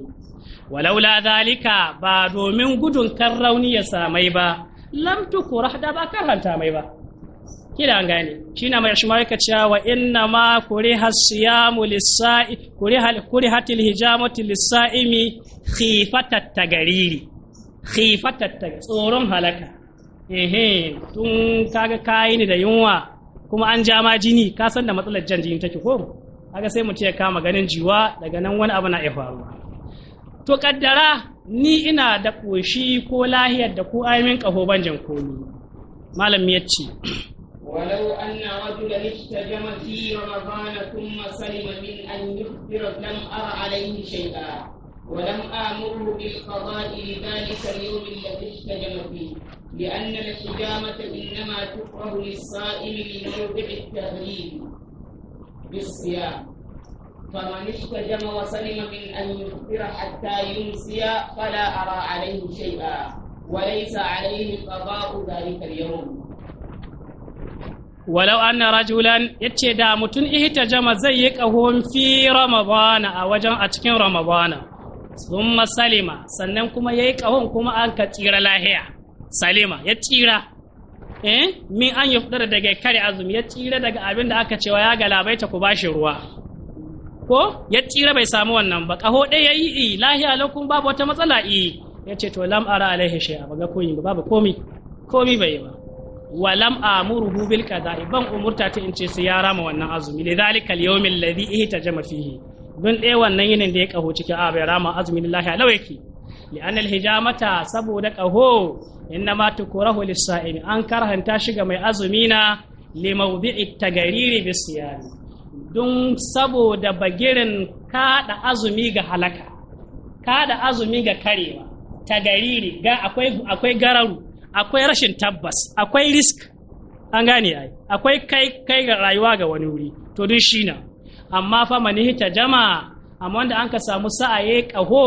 walaula zalika ba domin gudun kan rauni ya samai ba lam tukrah da ba karhanta mai ba Kidan an gane shi na mai shimar ka cewa wa inna ma kuriha siyamu lisa'i kuri hatil hijamatu lisa'imi khifatat tagariri khifatat tsoron halaka ehe tun kaga kai ni da yunwa kuma an ja ma jini ka san da matsalar jan jini take ko kaga sai mutum ya kama ganin jiwa daga nan wani abu na ya faruwa to kaddara ni ina da koshi ko lahiyar da ko aimin kaho ban malam ya ce ولو أن رجلا اشتجم في رمضان ثم سلم من أن يخبر لم أر عليه شيئا ولم آمره بالقضاء لذلك اليوم الذي اشتجم فيه لأن الاشتجامة إنما تكره للصائم لموضع التغليب بالصيام فمن اشتجم وسلم من أن يخبر حتى يمسي فلا أرى عليه شيئا وليس عليه قضاء ذلك اليوم walau anna rajulan yace da mutum ihtajama zai yi kahon fi ramadana a wajen a cikin ramadana summa salima sannan kuma yayi kahon kuma an ka tsira lahiya salima ya tsira eh min an yi fudar daga kare azumi ya tsira daga abin da aka cewa ya galabaita ku bashi ruwa ko ya tsira bai samu wannan ba kaho ɗaya yi i lahiya lakum babu wata matsala i yace to lam ara alaihi shay'a ba ga koyi babu komi komi bai yi ba walam amuru bil qada'i ban umurta ta in ce sai ya rama wannan azumi li zalika al yawm alladhi ihtajama fihi don ɗaya wannan yinin da ya kaho cikin a bai rama azumi lillahi alaw yake li anna al hijamata saboda kaho innama tukrahu lis sa'imi an karhanta shi ga mai azumi na li mawdi'i tagariri bis siyam don saboda bagirin kada azumi ga halaka kada azumi ga karewa tagariri ga akwai gararu akwai rashin tabbas akwai risk an gane ai akwai kai kai ga rayuwa ga wani wuri to dun shi na amma fa manihita jama amma wanda an ka samu sa'a ya kaho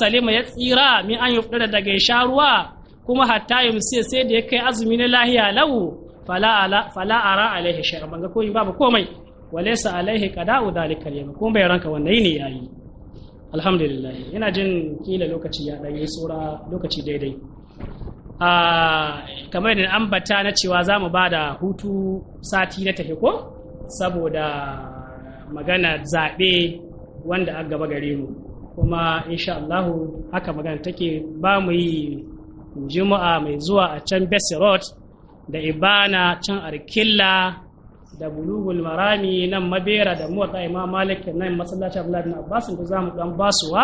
salima ya tsira min an yi yufdara daga sharuwa ruwa kuma hatta yumsi sai da ya kai azumi na lahiya lau fala ala fala ara alaihi shar banga ko babu komai walaysa alaihi qada'u dhalika al kuma bai ranka wannan yini yayi alhamdulillah ina jin kila lokaci ya dan yi tsora lokaci daidai kamar da ambata na cewa za mu ba da hutu sati na tafi ko saboda magana zaɓe wanda an gaba gare mu kuma insha Allahu haka magana take ba mu yi juma'a mai zuwa a can Road da ibana can arkilla da bulugul marami nan mabera da muwatta imam malik nan masallacin abdullahi bin abbas da za mu dan basuwa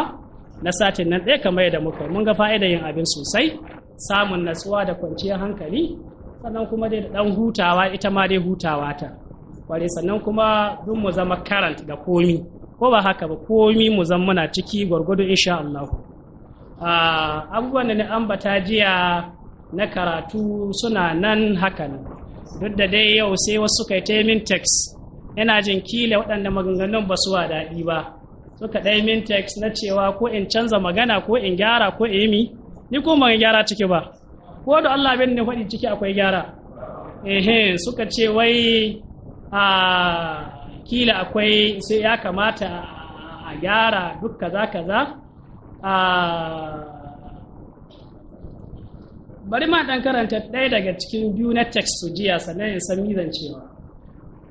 na satin nan ɗaya kamar yadda muka mun ga fa'ida yin abin sosai samun natsuwa da kwanciyar hankali sannan kuma dai da ɗan hutawa ita ma dai hutawa ta kware sannan kuma duk mu zama karant da komi ko ba haka ba komi mu zama muna ciki gwargwado insha Allah abubuwan da na ambata jiya na karatu suna nan hakan duk da dai yau sai wasu kai ta min text yana jin kila waɗanda maganganun ba su wa daɗi ba suka ɗaya min text na cewa ko in canza magana ko in gyara ko in yi ni ko ban gyara ciki ba ko da Allah bin ne faɗi ciki akwai gyara ehe suka ce wai a kila akwai sai ya kamata a gyara duk kaza kaza a bari ma dan karanta ɗaya daga cikin biyu na text su jiya sannan in san mizan cewa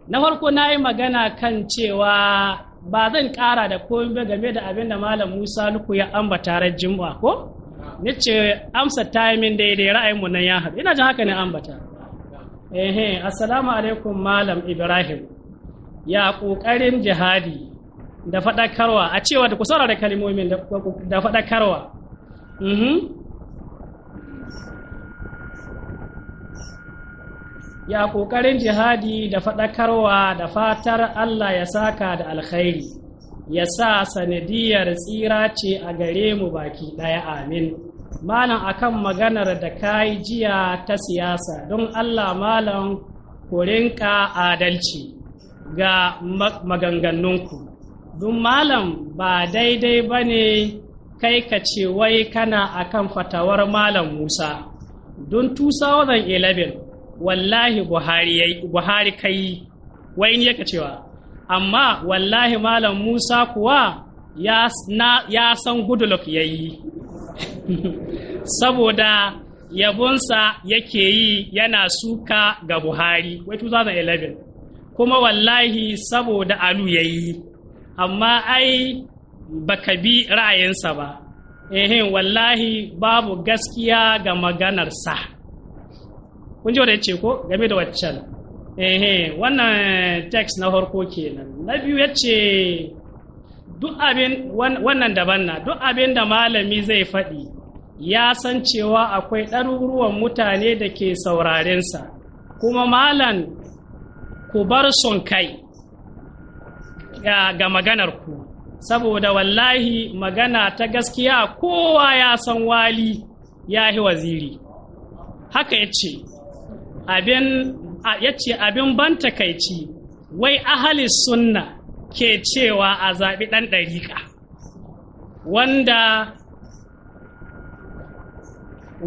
na farko na yi magana kan cewa ba zan ƙara da komai game da abin da malam musa luku ya ambata ran jimba ko ce amsa timing daidai mu nan ya haɗu. Ina jin haka ne ambata. eh assalamu alaikum Malam Ibrahim. Ya ƙoƙarin jihadi da faɗakarwa a cewa da ku saurara kalmomin da faɗakarwa. Ya ƙoƙarin jihadi da faɗakarwa da fatar Allah ya saka da alkhairi. ya sa sanadiyar tsira ce a gare mu baki ɗaya amin malam akan maganar da ka yi jiya ta siyasa don allah malam rinka adalci ga maganganunku don malam ba daidai ba ne kai ka ce wai kana akan fatawar malam musa don 2011 wallahi buhari kai wai ne ka cewa amma wallahi malam Musa kuwa ya, san Goodluck ya yi saboda yabonsa yake yi yana suka ga Buhari wai 2011 kuma wallahi saboda alu ya yi amma ai baka bi ra'ayinsa ba ehin wallahi babu gaskiya ga maganarsa kun ji wanda ce ko game da waccan ehe wannan text na harko kenan na biyu ya ce duk abin wannan daban na duk abin da malami zai faɗi ya san cewa akwai ɗaruruwan mutane da ke saurarensa kuma malam ku bar son kai ga maganar ku saboda wallahi magana ta gaskiya kowa ya san wali ya yi waziri haka ya ce abin yace abin ban takaici wai ahli sunna ke cewa a zaɓi ɗan ɗariƙa wanda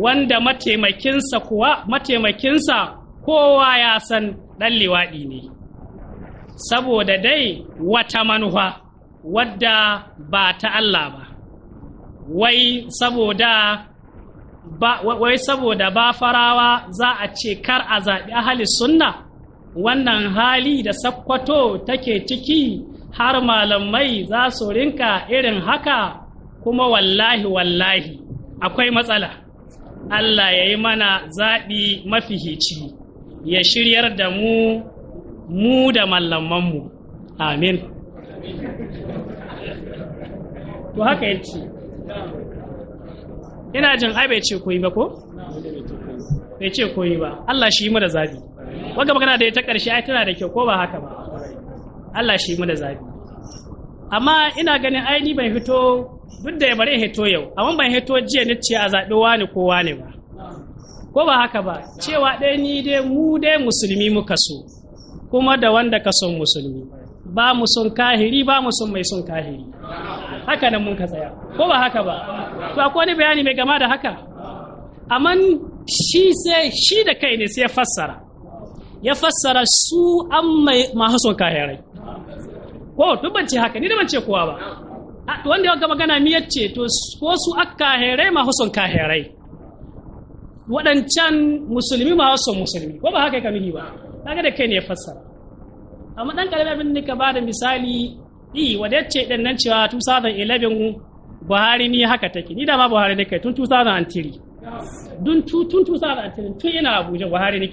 wanda mataimakinsa kuwa mataimakinsa kowa ya san ɗan liwaɗi ne saboda dai wata manufa wadda ba ta Allah ba wai saboda wai saboda ba farawa za a ce kar a zaɓi ahali sunna wannan hali da sakkwato take ciki har malamai za su rinka irin haka kuma wallahi wallahi akwai matsala Allah ya yi mana zaɓi mafi mafihici ya shiryar da mu mu da mallamanmu amin to haka yace ina jin ai bai ce koyi ba ko bai ce koyi ba Allah shi mu da zabi wanda magana da ta karshe ai tana da kyau ko ba haka ba Allah shi mu da zabi amma ina ganin ai ni ban fito duk da ya bare heto yau amma ban heto jiya ne ce a zabi wani ko wani ba ko ba haka ba cewa dai ni dai mu dai musulmi muka so kuma da wanda ka son musulmi ba mu son kahiri ba mu son mai son kahiri haka nan mun ka tsaya ko ba haka ba to akwai wani bayani mai gama da haka amma shi sai shi da kai ne sai ya fassara ya fassara su an masu son kayarai ko duk ban ce haka ni da ban ce kowa ba to wanda ya magana mi yace to ko su akka herai masu son kayarai waɗancan musulmi masu son musulmi ko ba haka ka nuhi ba kaga da kai ne ya fassara amma dan karamin abin da ka ba da misali yi wadda ce din nan cewa 2011 Buhari ni haka take ni da ma Buhari ne kai tun 2003 tun 2003 tun yana Abuja Buhari ne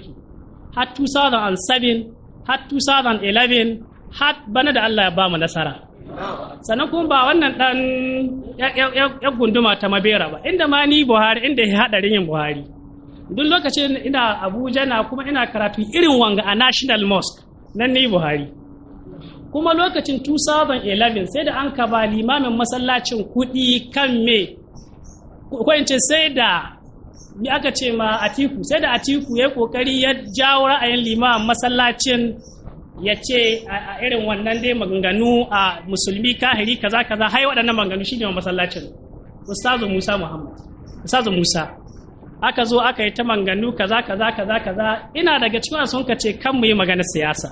har 2007 har 2011 har bana da Allah ya ba mu nasara sannan kuma ba wannan dan ya gunduma ta mabera ba inda ma ni Buhari inda ya hadarin yin Buhari duk lokacin ina Abuja na kuma ina karatu irin wanga a National Mosque nan ni Buhari kuma lokacin 2011 sai da an ka ba limamin masallacin kuɗi kan me kwance sai da bi aka ce ma atiku sai da atiku ya yi kokari ya jawo ra'ayin limamin masallacin ya ce a irin wannan dai maganganu a musulmi kahiri kaza kaza hai waɗannan maganganu shine masallacin ustazu musa muhammad ustazu musa aka zo aka yi ta maganganu kaza kaza kaza kaza ina daga cikin sun ka ce kan mu yi maganar siyasa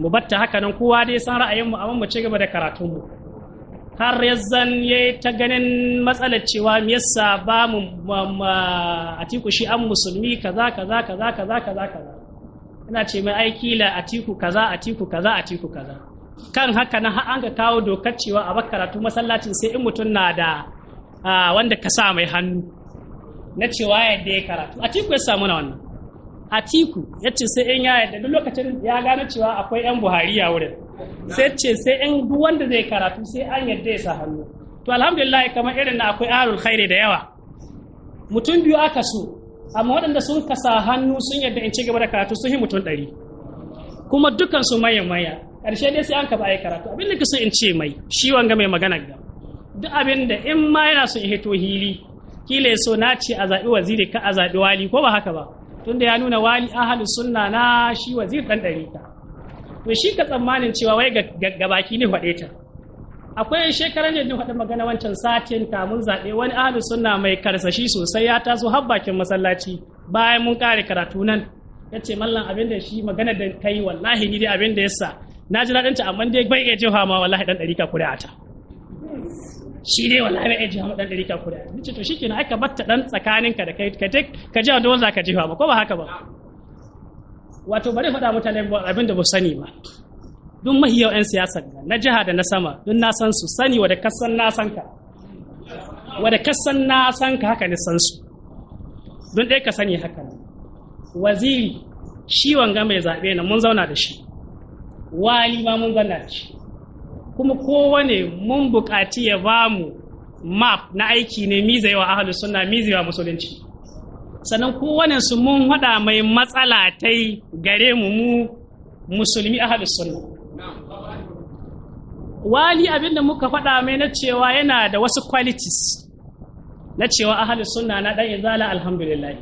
mu batta haka nan kowa dai san ra'ayinmu amma mu ci gaba da karatunmu har yanzan ya ta ganin matsalar cewa me yasa ba mu atiku shi an musulmi kaza kaza kaza kaza kaza kaza ina ce mai aiki la atiku kaza atiku kaza atiku kaza kan haka na an ka kawo dokar cewa a karatu masallacin sai in mutum na da wanda ka sa mai hannu na cewa yadda ya karatu atiku ya samu na wannan Atiku ya ce sai in ya yarda duk lokacin ya gane cewa akwai 'yan Buhari a wurin sai ce sai in duk wanda zai karatu sai an yarda ya sa hannu to alhamdulillah kamar irin na akwai ahlul khairi da yawa mutum biyu aka so amma waɗanda sun kasa hannu sun yarda in ci gaba da karatu sun yi mutum ɗari kuma dukkan su maya manya ƙarshe dai sai an kaba ai karatu abin da so in ce mai shi wanga mai magana ga duk abin da in ma yana son hito hili kila so na ce a zaɓi waziri ka a zaɓi wali ko ba haka ba tunda ya nuna wali ahalu sunna na shi wazir dan ɗarika to shi ka tsammanin cewa wai ga baki ne faɗe ta akwai shekaran da faɗi magana wancan satin ta mun zaɓe wani ahalu sunna mai karsashi sosai ya taso har bakin masallaci bayan mun kare karatu nan ya ce mallam abin da shi magana da kai, wallahi ni dai abin da yasa na ji daɗin ta amma dai bai iya jefa ma wallahi ɗan kuri'a ta. shi dai wallahi bai jiha mu dan dari ka kuda nace to shikenan aka batta dan tsakaninka da kai ka take ka ji wanda za ka jiha ba ko ba haka ba wato bari faɗa mutane abin da ba sani ba duk mahiyau 'yan siyasar na jiha da na sama duk na san su sani wa da kasan na san ka wa da kasan na san ka haka san su don ɗaya ka sani haka waziri shi wanga mai zaɓe na mun zauna da shi wali ma mun zauna da shi kuma kowane mun buƙaci ya ba mu map na aiki ne mi zai wa ahalus sunna mi zai wa musulunci sannan kowane su mun haɗa mai matsala ta gare mu mu musulmi ahalus sunna wali abin da muka faɗa mai na cewa yana da wasu qualities na cewa ahalus sunna na dan izala alhamdulillah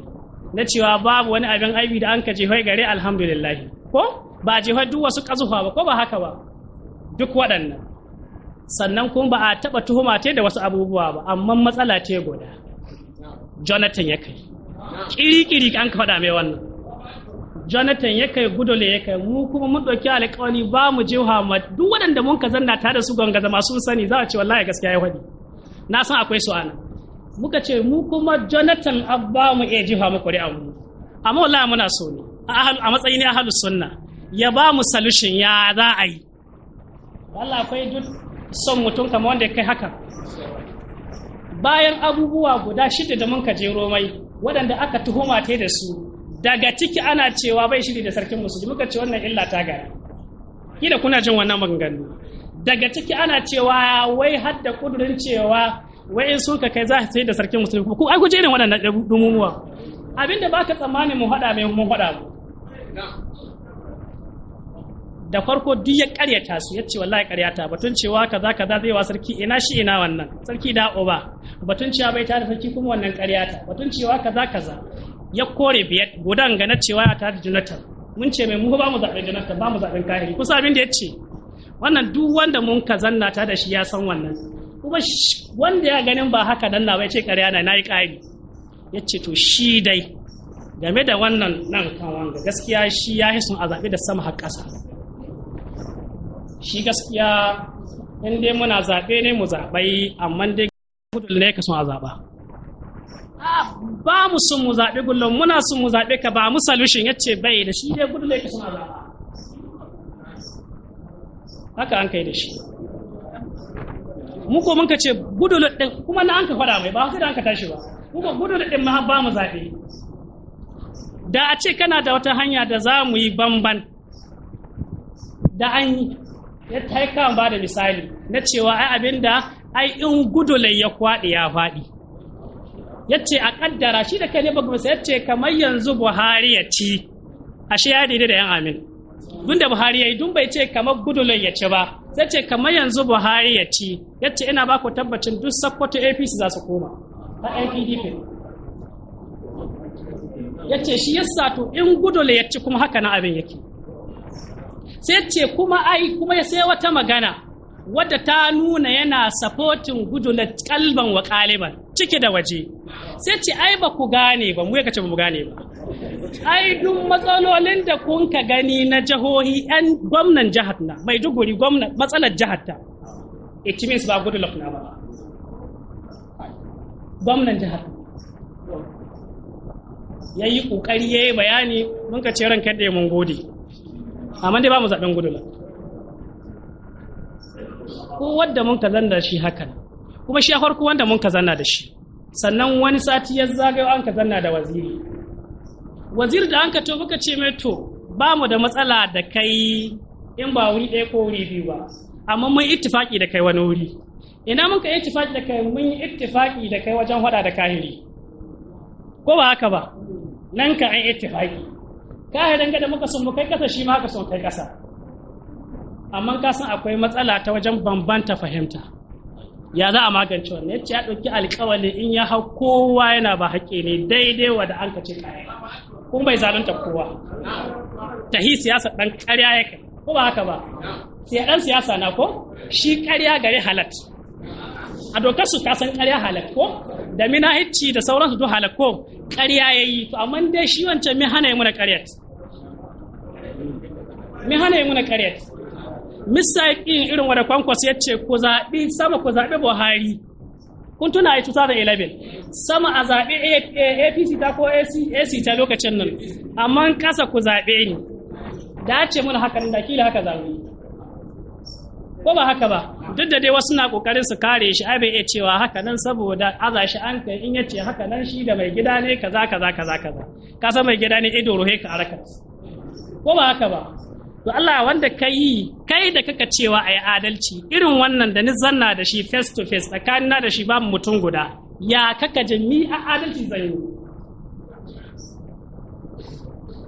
na cewa babu wani abin aibi da an ka jihoi gare alhamdulillah ko ba jihoi duk wasu kazufa ba ko ba haka ba duk waɗannan sannan kuma ba a taɓa tuhuma ta da wasu abubuwa ba amma matsala ta guda jonathan ya kai kirikiri an ka faɗa mai wannan jonathan ya kai gudole ya kai mu kuma mun ɗauki alƙawari ba mu je hamad duk waɗanda mun ka zanna tare da su gonga zama sun sani za a ce wallahi gaskiya ya faɗi na san akwai su ana muka ce mu kuma jonathan abba mu iya jiha mu ƙuri'an mu amma wallahi muna so ne a matsayin ahalus sunna ya ba mu solution ya za a yi wallahi akwai duk son mutum kama wanda ya kai haka bayan abubuwa guda shida da mun kaje romai, waɗanda aka tuhuma ta da su daga ciki ana cewa bai shiri da sarkin musulmi muka ce wannan illa ta gari da kuna jin wannan maganganu daga ciki ana cewa wai har da kudurin cewa wai in sun ka kai za su sai da sarkin musulmi ko ai guje irin waɗannan dumumuwa abinda baka tsammani mu haɗa mai mun haɗa mu da farko duk ya karyata su ya ce wallahi karyata batun cewa kaza kaza zai wa sarki ina shi ina wannan sarki da oba batun cewa bai tare sarki kuma wannan karyata batun cewa kaza kaza ya kore biyar gudan ga na cewa ya tare Jonathan mun ce mai mu ba mu zaɓen Jonathan ba mu zaɓen kahiri kusa abin da ya ce wannan duk wanda mun ka zanna ta da shi ya san wannan kuma wanda ya ganin ba haka danna bai ce karya na nayi ƙari ya ce to shi dai game da wannan nan kan wanga gaskiya shi ya yi a zaɓe da sama har ƙasa shi gaskiya in dai muna zaɓe ne mu zaɓai amma dai gudun ne ka son a zaɓa ba mu sun mu zaɓe gullon muna sun mu zaɓe ka ba mu solution ya ce bai da shi dai gudun ne ka a zaɓa haka an kai da shi Muku mun ka ce gudun ɗin kuma na an ka faɗa mai ba sai da an ka tashi ba Kuma ko gudun ɗin ma ba mu zaɓe da a ce kana da wata hanya da za mu yi bamban da an yi ya ta kan ba da misali na cewa ai abinda ai in gudulai ya kwaɗe ya faɗi ya ce a ƙaddara shi da kai ne bakwai ya ce kamar yanzu buhari ya ci ashe ya daidai da yan amin tunda buhari ya yi dun bai ce kamar gudulai ya ci ba sai ce kamar yanzu buhari ya ci ya ce ina bako tabbacin duk sakkwato apc za su koma ta npdp ya ce shi yasa to in gudulai ya ci kuma haka na abin yake sai ce kuma ai kuma ya sai wata magana wadda ta nuna yana supporting gudulat kalban wa kaliban ciki da waje sai ce ai ba ku gane ba mu ya kace ba mu gane ba ai duk matsalolin da kun ka gani na jihohi yan gwamnan jihar na mai duguri gwamnan matsalar jihar ta it means ba gudu na ba gwamnan jihar ya yi kokari ya yi bayani mun ka ce ran kadai mun gode amma dai ba mu zaɓen gudula ko wanda mun ka zanna da shi hakan kuma shi a farko wanda mun ka zanna da shi sannan wani sati ya zagayo an ka zanna da waziri waziri da an ka to muka ce mai to ba mu da matsala da kai in ba wuri ɗaya ko wuri biyu ba amma mun yi ittifaki da kai wani wuri ina mun ka ittifaki da kai mun yi ittifaki da kai wajen hada da kahiri ko ba haka ba nan ka an ittifaki ka ga da muka sun kai kasa shi ma haka sun kai kasa amma ka san akwai matsala ta wajen bambanta fahimta ya za a magance wannan yace ya dauki alƙawali in ya hau kowa yana ba haƙƙi ne daidai wa da an ka ce kaya bai zalunta kowa tahi siyasa dan ƙarya yake ko ba haka ba sai dan siyasa na ko shi ƙarya gare halat a dokar su ka san ƙarya halakko da hicci da sauransu duk halakko ƙarya yayi to amma dai shi wancan mi hana yi muna ƙaryat mi hana yi na ƙaryat misaki irin wanda kwankwas ya ce ku zaɓi sama ku zaɓi buhari kun tuna a 2011 sama a zaɓe apc ta ko ac ta lokacin nan amma kasa ku zaɓe ni da ce mun haka da kila haka zaɓe ko ba haka ba duk da dai wasu na kokarin su kare shi ai bai iya cewa haka nan saboda aza shi an kai in yace haka nan shi da mai gida ne kaza kaza kaza kaza ka san mai gida ne ido rohe ka araka. ko ba haka ba to Allah wanda ka yi kai da kaka cewa ai adalci irin wannan da ni zanna da shi face to face tsakanina da shi ba mutum guda ya kaka jin a adalci zai yi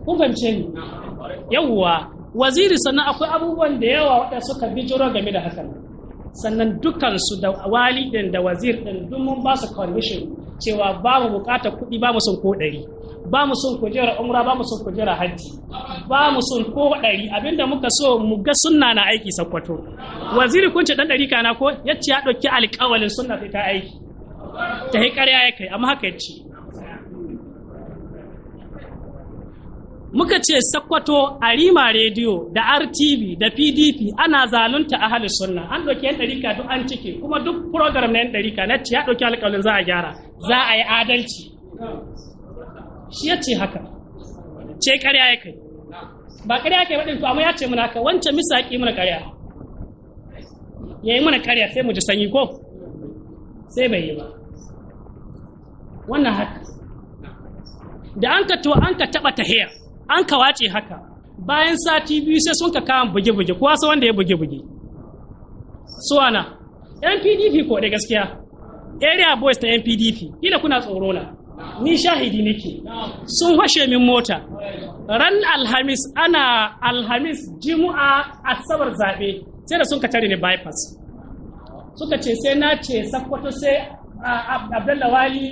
kun fahimce ni yawwa waziri sannan akwai abubuwan da yawa waɗanda suka bijiro game da hakan sannan dukansu da wali din da wazir din duk mun ba su condition cewa ba mu bukatar kuɗi ba mu son ko ɗari ba mu son kujerar umra ba mu son kujerar hajji ba mu son ko ɗari abinda muka so mu ga sunna na aiki sakwato waziri kun ce dan ɗari kana ko yace ya ɗauki alƙawalin sunna sai ta aiki ta yi ƙarya ya kai amma haka ya ce muka ce sakwato a rima rediyo da rtv da pdp ana zalunta a halin sunna an ɗauki yan ɗarika duk an cike kuma duk program na yan ɗarika na ce ya ɗauki alƙalin za a gyara za a yi adalci shi ya ce haka ce ƙarya ya kai ba ƙarya ya kai ba ɗin amma ya ce muna haka wancan misa ya ƙi muna ƙarya ya yi muna ƙarya sai mu ji sanyi ko sai bai yi ba wannan haka da an ka to an ka taɓa an ka wace haka bayan sati biyu sai sun ka kama buge-buge kowa sa wanda ya buge-buge suwana ana, pdp ko da gaskiya area boys ta NPDP, pdp kuna tsoro na ni shahidi nake sun fashe min mota ran alhamis ana alhamis jimu'a asabar zaɓe sai da sun ka tare ni bypass suka ce sai na ce sakwato sai abdullawali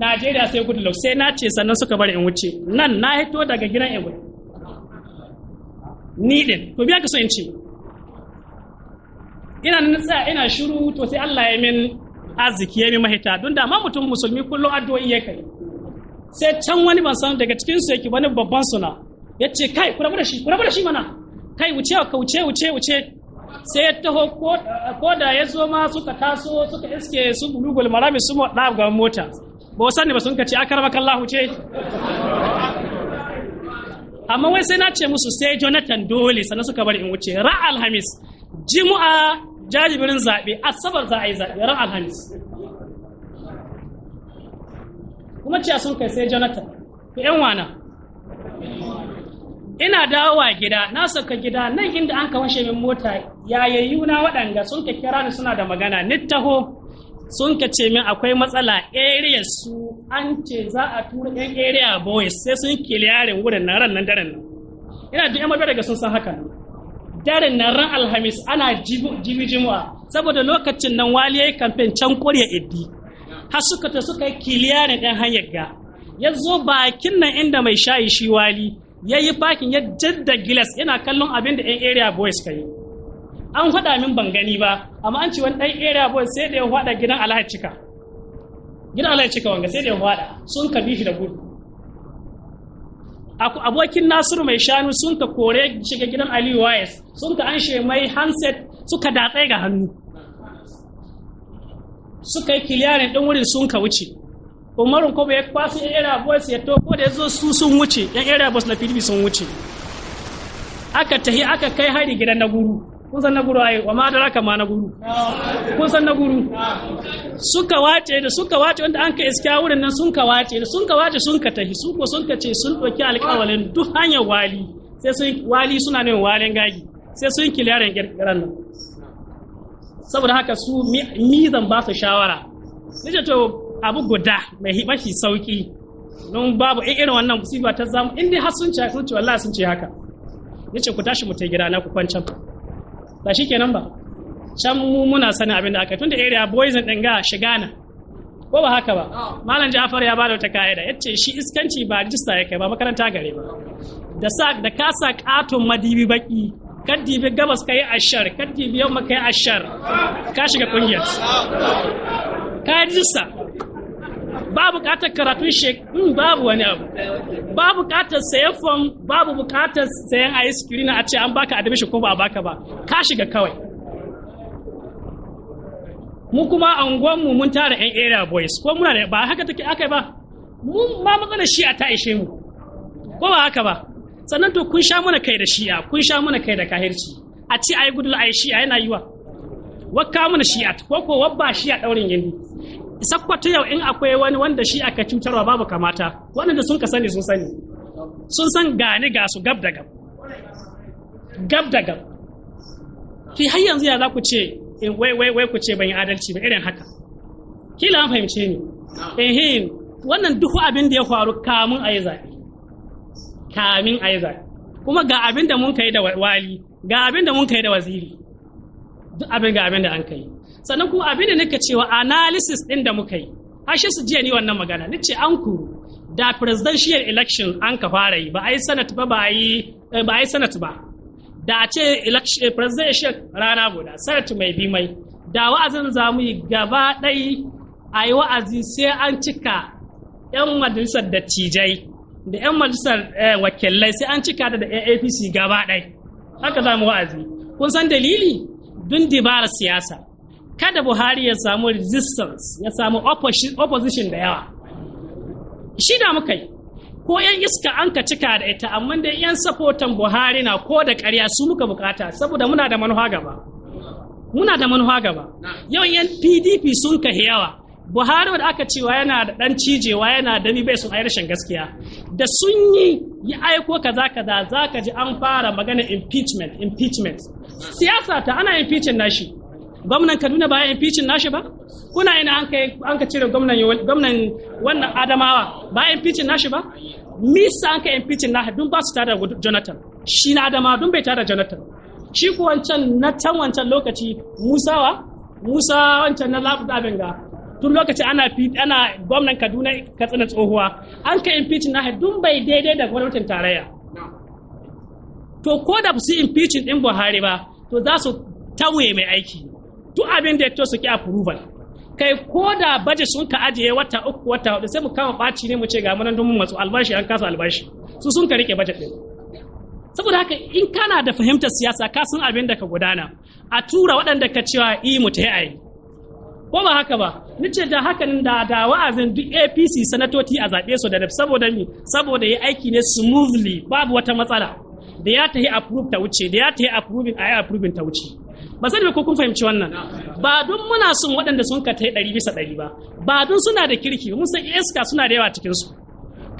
Najeriya sai Goodluck sai na ce sannan suka bari in wuce nan na hito daga gidan Ego ni din to biya ka so in ce ina nan ina shiru to sai Allah ya min arziki ya min mahita don da ma mutum musulmi kullum addu'o'i ya kai sai can wani ban san daga cikin su yake wani babban suna ya ce kai ku rabu da shi ku rabu da shi mana kai wuce ka wuce wuce wuce sai ya taho ko da ya zo ma suka taso suka iske su bulugul marami su ga mota ba wasu ne ba sun kace ce akarmaka Allahu ce amma wai sai na ce musu sai Jonathan dole sannan suka bari in wuce ra alhamis jimu'a jajibirin zaɓe asabar za a yi zaɓe ra alhamis kuma ce sun kai sai Jonathan ku yan wana ina dawowa gida na sauka gida nan inda an kawo shemin mota yayayyu na waɗanda sun ka kira ni suna da magana ni taho sun ka ce min akwai matsala area su an ce za a tura yan area boys sai sun kiliyarin wurin na ran nan daren nan ina duk yan mabiya daga sun san haka daren nan ran alhamis ana jibi jimu'a saboda lokacin nan wali yayi kamfen can kurya iddi har suka ta suka yi kiliyarin ɗan hanyar ga ya zo bakin nan inda mai shayi shi wali yayi yi fakin ya jadda gilas Ina kallon abin da yan area boys ka yi an faɗa min ban gani ba amma an ce wani ɗan area boy sai da ya faɗa gidan alhaji cika gidan alhaji cika wanga sai da ya faɗa sun ka bi shi da gudu abokin nasiru mai shanu sun ka kore shiga gidan aliyu wayes sun ka an mai handset suka datsai ga hannu suka yi kiliyarin ɗin wurin sun ka wuce umarun ko ya kwasu yan era boys ya toko ko da ya zo su sun wuce yan era boys na pdp sun wuce aka tahi aka kai hari gidan na guru kun san na guru ai wa madaraka ma na guru kun san na guru suka wace da suka wace wanda an ka iska wurin nan sun ka wace da sun ka wace sun ka tafi, su ko sun ka ce sun ɗauki alƙawalin duk hanyar wali sai sun wali suna neman walin gagi sai sun kiliyarin ƙirƙirar nan saboda haka su mizan ba su shawara nije to abu guda mai mafi sauki don babu irin wannan musiba ta zamu in dai har sun ce sun ce wallahi sun ce haka yace ku tashi mu ta gida na ku kwancan ba shi kenan ba can mu muna sanin abin da aka tun da area boys din ga shiga na ko ba haka ba malam Ja'far ya bada wata kaida yace shi iskanci ba rijista ya kai ba makaranta gare ba da sa da ka katon madibi baki kan dibi gabas kai ashar kan dibi yamma makai ashar ka shiga kungiyar ka rijista ba buƙatar karatun shekaru hmm, babu wani abu ba buƙatar sayan fom babu buƙatar sayan ice cream a ce an baka admission ko ba a baka ba ka shiga kawai mu kuma anguwanmu mun tara yan area boys ko muna da ba haka take aka ba mun ma magana shi a ta ishe mu ko ba haka ba sannan to kun sha mana kai da a kun sha mana kai da kahirci a ce ai gudul ai a yana yiwa wakka mana shi'a ko ko wabba a daurin gindi sakkwato yau in akwai wani wanda shi aka cutarwa babu kamata waɗanda sun ka sani sun sani sun san gani ga su gab da gab gab da gab ki har yanzu ya za ku ce in eh, wai wai wai ku ce ban yi adalci ba irin haka kila an fahimce ni ehin wannan duhu abin da ya faru kamun a yi zaɓe kamin a yi zaɓe kuma ga abin da mun kai da wali ga abin da mun kai da waziri duk abin ga abin da an kai sannan kuma abin da nake cewa analysis din da muka yi hashe su jiya ni wannan magana ni ce an ku da presidential election an ka fara yi ba a yi senate ba ba eh, ba a senate ba da a ce election eh, presidential rana guda senate mai bi mai da wa'azin za mu yi gaba ɗai a yi wa'azi sai an cika 'yan majalisar dattijai da 'yan majalisar eh, wakilai sai an cika da da APC gaba ɗai haka za mu wa'azi kun san dalili dun dibara siyasa kada buhari ya samu resistance ya samu opposition da yawa shi da muka yi ko yan iska an ka cika da ita amma da yan sapotan buhari na ko da ƙarya su muka bukata saboda muna da manuwa gaba muna da manuwa gaba yawan yan pdp sun kahi yawa buhari da aka cewa yana da dan cijewa yana da mi bai sun ayar rashin gaskiya da sun yi ya aiko kaza kaza ka ji an fara magana impeachment impeachment siyasa ta ana impeachment nashi gwamnan Kaduna ba ya impeachin nashi ba kuna ina an an ka cire gwamnan gwamnan wannan Adamawa ba ya impeachin nashi ba misa an ka impeachin nashi dun ba su tare da Jonathan shi na Adamawa dun bai tare da Jonathan shi ko wancan na tan wancan lokaci Musawa Musa wancan na labu da ga tun lokaci ana ana gwamnan Kaduna Katsina tsohuwa an ka impeachin nashi dun bai daidai da gwamnatin tarayya to ko da su impeachin din Buhari ba to za su tawaye mai aiki duk abin da ya to su ki approval kai ko da baje sun ka ajiye wata uku wata hudu sai mu kama baci ne mu ce ga munan don mun matsu albashi an kasa albashi su sun ka rike baje din saboda haka in kana da fahimtar siyasa ka san abin da ka gudana a tura waɗanda ka cewa i mu ta yi ko ba haka ba Ni ce da hakan da da wa'azin duk APC sanatoci a zaɓe su da saboda mi saboda yi aiki ne smoothly babu wata matsala da ya ta yi approve ta wuce da ya ta yi approving a yi approving ta wuce ba sani ko kun fahimci wannan ba don muna son waɗanda sun ka tai ɗari bisa ɗari ba ba don suna da kirki mun san iska suna da yawa cikin su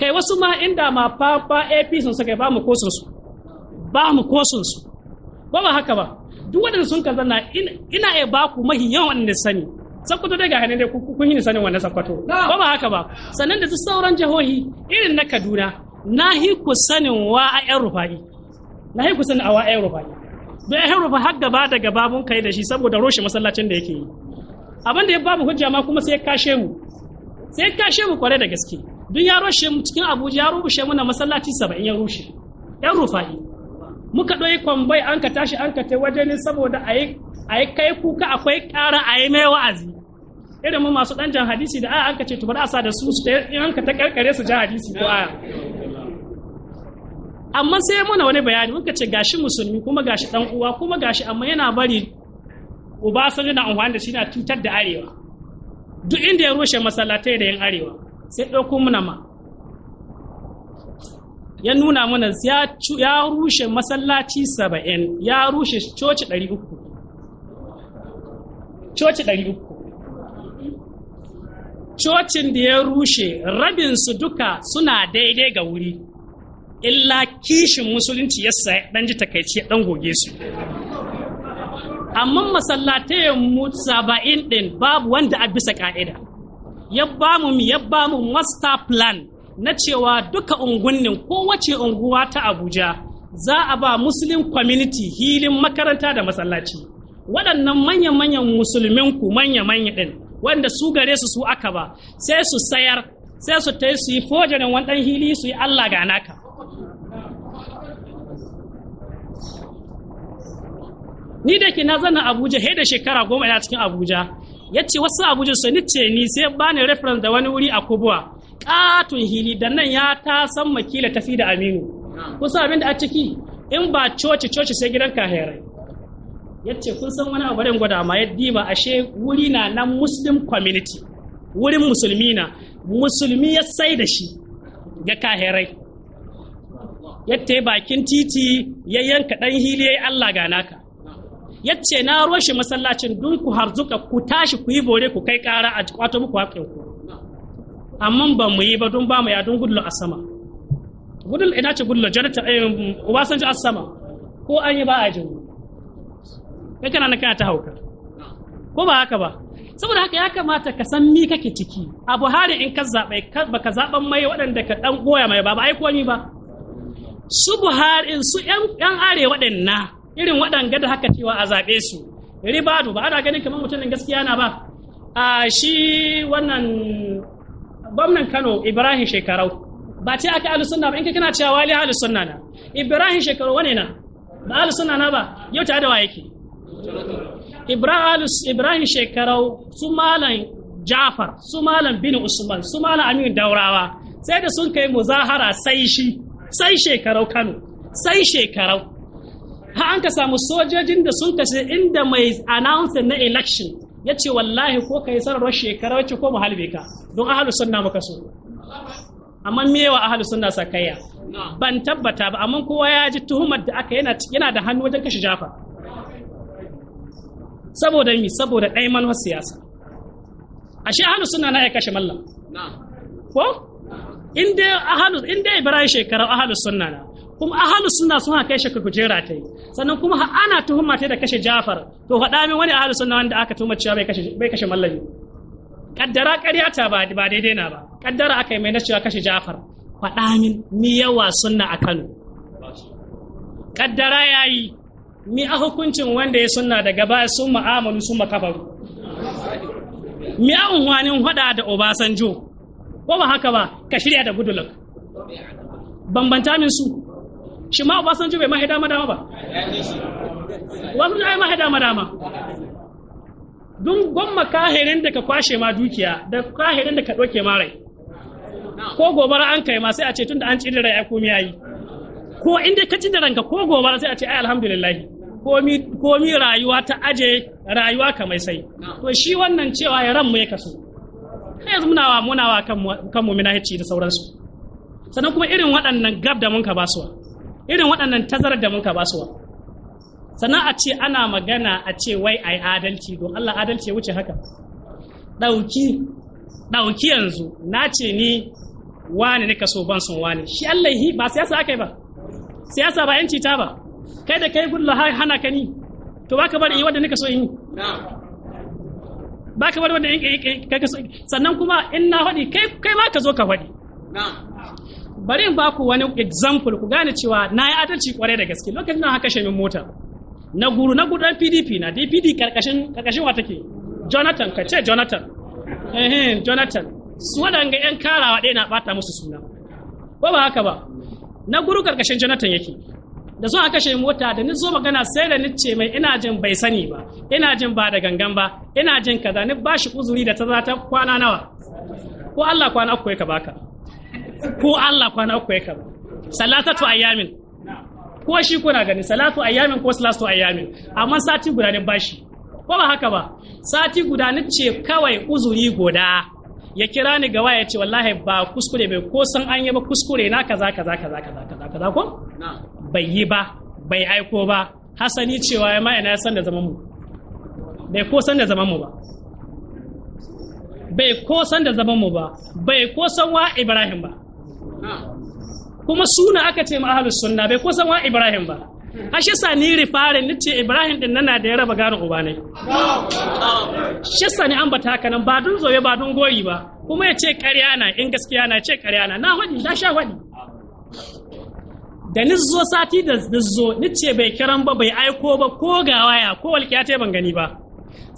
kai wasu ma inda ma fafa ap sun saka, ba mu kosun su ba mu kosun su ba ba haka ba duk waɗanda sun ka zanna ina iya ba ku mahi yawan wanda sani Sakwato daga hannun dai kun yi sanin wanda Sakwato. ba ba haka ba sannan da su sauran jihohi irin na kaduna na hi ku sanin wa a yan rufa'i na hi ku sanin a wa a yan rufa'i don ya rufe har gaba daga babun kai da shi saboda roshe masallacin da yake yi abin da ya babu hujja ma kuma sai ya kashe mu sai ya kashe mu kware da gaske duk ya roshe mu cikin abuja ya rushe muna masallaci saba'in ya rushe yan rufa'i muka ɗoyi kwambai an ka tashi an ka tai waje ne saboda a yi kai kuka akwai ƙara a yi mai wa'azi irin mu masu ɗan jan hadisi da aya an ka ce tubar asa da su in an ka ta ƙarƙare su jan hadisi ko aya amma sai muna wani bayani muka ce gashi musulmi kuma gashi dan uwa kuma gashi amma yana bari Obasanjo na amfani da shi na cutar da arewa duk inda ya rushe masallatai da yan arewa sai ɗauko muna ma ya nuna mana ya rushe masallaci saba'in ya rushe coci ɗari uku coci ɗari uku cocin da ya rushe rabinsu duka suna daidai ga wuri illa kishin musulunci ya sa dan ji takaici dan goge su amma masallatai mu saba'in din babu wanda a bisa ka'ida ya ba mu ya ba mu master plan na cewa duka ungunnin kowace unguwa ta abuja za a ba muslim community hilin makaranta da masallaci waɗannan manya-manyan musulmin ku manya-manya ɗin wanda su gare su su aka ba sai su sayar sai su ta su yi fojanin wani hili su yi allah ga naka ni da ke na zanna abuja he da shekara goma ina cikin abuja ya ce wasu abuja su ni ce ni sai ba ni reference da wani wuri a kubuwa katon hili da nan ya ta san makila tafi da aminu kusa abin da a ciki in ba coci coci sai gidan kahirai ya ce kun san wani abu gwada ma ya dima, ashe wuri na na muslim community wurin musulmi na musulmi ya sai da shi ga kahirai ya bakin titi ya yanka dan hili ya yi allah ga naka Ya ce na roshe masallacin dun ku harzuka ku tashi ku yi bore ku kai kara a kwato muku haƙƙin ku amma ba mu yi ba don ba mu ya don gudula a sama gudula ina ce gudula jarata ubasanji eh, a sama ko an yi ba a jin kai kana na kana ta hauka ko ba haka ba saboda haka ya kamata ka san mi kake ciki a buhari in ka zaɓe ba ka mai waɗanda ka ɗan goya mai ba ba aiko ni ba su buhari su yan arewa ɗin na irin waɗanga da haka cewa a zaɓe su ribadu ba ana ganin kamar mutumin gaskiya na ba a shi wannan gwamnan Kano Ibrahim Shekarau ba ce aka ahlus sunna ba in ka kana cewa wali ahlus sunna na Ibrahim Shekarau wane na ba ahlus sunna na ba yau ta da wa yake Ibrahim Shekarau su malam Jafar su malam bin Usman su malam Aminu Daurawa sai da sun kai muzahara sai shi sai Shekarau Kano sai Shekarau ha an ka samu sojojin da sun kashe inda mai announce na election ya ce wallahi ko ka yi sanarwar shekara wacce ko mu ka don ahalu sunna muka so amma mewa ahalu sunna sakayya ban tabbata ba amma kowa ya ji tuhumar da aka yana da hannu wajen kashe jafa saboda mi saboda ɗayan manuwar siyasa ashe ahalu sunna na ya kashe mallam ko in dai ibrahim shekara ahalu sunna na kuma ahalus sunna suna kai shi kujera ta yi sannan kuma ana tuhuma ta da kashe Jafar to faɗa min wani ahalus sunna wanda aka tuhumma cewa bai kashe mallabi. Ƙaddara mallami kaddara ƙarya ta ba daidai na ba kaddara aka yi mai na cewa kashe Jafar faɗa min mi yawa sunna a Kano kaddara yi, mi a hukuncin wanda ya sunna daga baya sun ma'amalu sun makabaru mi a unhwanin faɗa da Obasanjo ko ba haka ba ka shirya da gudulak bambanta min su shi ma Obasanjo bai ma ya dama dama ba wasu ai ma ya dama dun gwamma kahirin da ka kwashe ma dukiya da kahirin da ka ɗauke ma rai ko gobara an kai ma sai a ce tun da an ci rai ai komi yayi ko inda ka cire ranka ko gobara sai a ce ai alhamdulillah komi komi rayuwa ta aje rayuwa ka mai sai to shi wannan cewa ya ran mu ya kaso kai yanzu muna wa muna wa kan mu da sauransu sannan kuma irin waɗannan gab da mun ka basuwa irin waɗannan tazarar da muka basuwa sannan a ce ana magana a ce wai ai adalci don Allah adalci ya wuce haka ɗauki ɗauki yanzu na ce ni wani nika so ban son wani shi Allah yi ba siyasa aka yi ba siyasa ba yanci ta ba kai da kai gudu hana ka ni to baka bari wanda nika so yi baka bari wanda sannan kuma in na faɗi kai ma ka zo ka faɗi bari in baku wani example ku gane cewa na yi adalci kwarai da gaske lokacin na haka shemin mota na guru na gudan pdp na dpd karkashin karkashin wa jonathan ka ce jonathan eh jonathan su waɗanga yan karawa ɗaya na ɓata musu suna ko ba haka ba na guru karkashin jonathan yake da zuwa kashe mota da ni zo magana sai da ni ce mai ina jin bai sani ba ina jin ba da gangan ba ina jin kaza ni bashi uzuri da ta za ta kwana nawa ko Allah kwana uku ka baka ko Allah kwana uku ya kama salatatu ayyamin ko shi kuna gani salatu ayyamin ko salatu ayyamin amma sati guda ne bashi ko ba haka ba sati guda ne ce kawai uzuri goda ya kira ni gawa ya ce wallahi ba kuskure bai ko san an yi ba kuskure na kaza kaza kaza kaza kaza kaza ko bai yi ba bai aiko ba hasani cewa ya ma ina san da zaman mu bai ko san da zaman mu ba bai ko san da zaman mu ba bai ko san wa Ibrahim ba kuma suna aka ce ma ahlus sunna bai ko san wa ibrahim ba ashe ni rifare ni ce ibrahim din nana da ya raba gano uba ne shi ni an bata haka nan ba dun zoye ba dun goyi ba kuma ya ce ƙarya na in gaskiya na ce ƙarya na na hadi da sha hadi da zo sati da nizzo ni ce bai kiran ba bai aiko ba ko ga waya ko walƙiya ban gani ba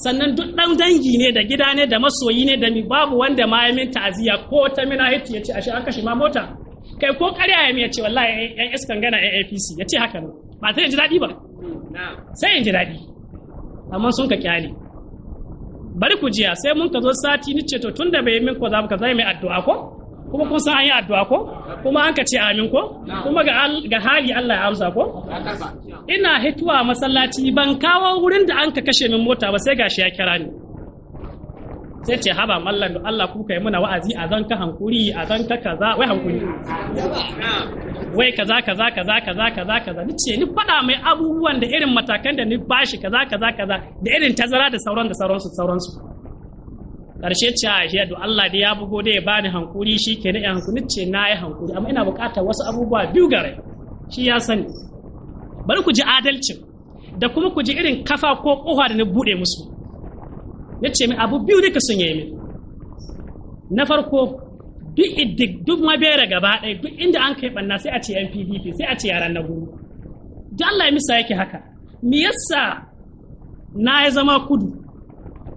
sannan duk ɗan dangi ne da gida ne da masoyi ne da mi babu wanda ma ya min aziya ko ta mina hitu ya ce ashe an kashe ma mota kai ko karya ya ya ce wallahi yan iskan gana yan APC ya ce haka ne ba ta ji daɗi ba sai in ji daɗi amma sun ka kyale bari ku jiya sai mun ka zo sati ni ce to tun da bai min ko za ka zai mai addu'a ko kuma kun san an yi addu'a ko kuma an ka ce amin ko kuma ga hali Allah ya amsa ko ina hituwa masallaci ban kawo wurin da an ka kashe min mota ba sai gashi ya kira ni sai ce haba mallan da Allah kuka yi muna wa'azi a zan ka hankuri a zan ka kaza wai hankuri wai kaza kaza kaza kaza kaza kaza ni ce ni faɗa mai abubuwan da irin matakan da ni bashi kaza kaza kaza da irin tazara da sauran da sauransu sauransu karshe ce a shi Allah dai ya bugo dai ya bani hankuri shi ke na hankuri ce na yi hankuri amma ina bukatar wasu abubuwa biyu gare shi ya sani bari ku ji adalcin da kuma ku ji irin kafa ko kofa da na bude musu ya ce min abu biyu nika sun yi min na farko duk iddik duk mabera gaba ɗaya duk inda an kai banna sai a ce yan sai a ce yaran na gudu duk Allah ya misa yake haka me yasa na ya zama kudu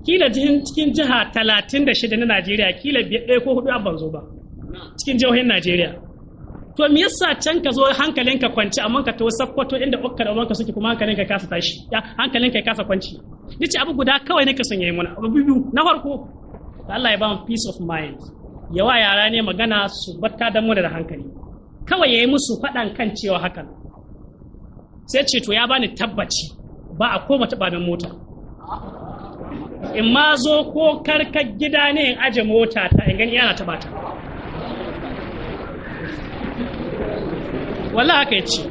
kila cikin jiha talatin da shida na najeriya kila ɗaya ko hudu an ban zo ba cikin jihohin najeriya to me yasa can ka zo hankalinka kwanci amma ka to sakkwato inda ukka da uwanka suke kuma hankalinka kasa tashi ya hankalinka ya kasa kwanci abu guda kawai nake son yayi muna abu biyu na farko Allah ya ba mu peace of mind yawa yara ne magana su batta da mu da hankali kawai yayi musu faɗan kan cewa hakan sai ce to ya bani tabbaci ba a koma taɓa mota in ma zo ko karkar gida ne in aje mota ta in gani yana taɓa ta wala haka ya ce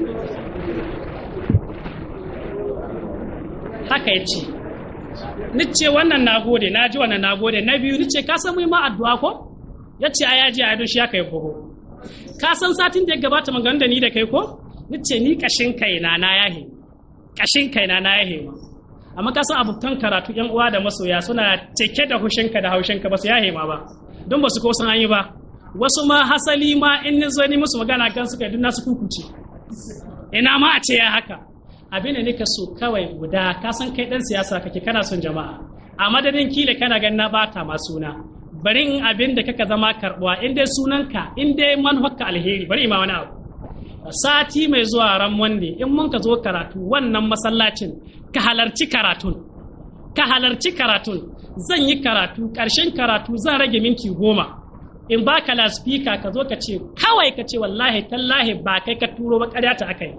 haka ya ce ni ce wannan nagode na ji wannan nagode na biyu ni ce ka san ma addu'a ko ya ce a yaji a shi haka ya buhu. ka san satin da ya gabata magana da ni da kai ko ni ce ni kashin kaina na yahe kashin kaina na yahe ma amma ka san abokan karatu yan uwa da masoya suna cike da hushinka da haushinka ba su yahe ma ba don ba su kosan an yi ba wasu ma hasali ma in ni zo ni musu magana kan suka duk nasu kukuce ina ma a ce ya haka abin da nika so kawai guda ka san kai dan siyasa kake kana son jama'a a madadin kila kana ganin na bata ma suna bari in abin da kaka zama karbuwa in dai sunanka in dai manufarka alheri bari ma wani abu sati mai zuwa ran wanne in mun ka zo karatu wannan masallacin ka halarci karatu. ka halarci karatu. zan yi karatu ƙarshen karatu zan rage minti goma in ba ka laspika ka zo ka ce kawai ka ce wallahi tallahi ba kai ka turo ba ƙarya ta aka yi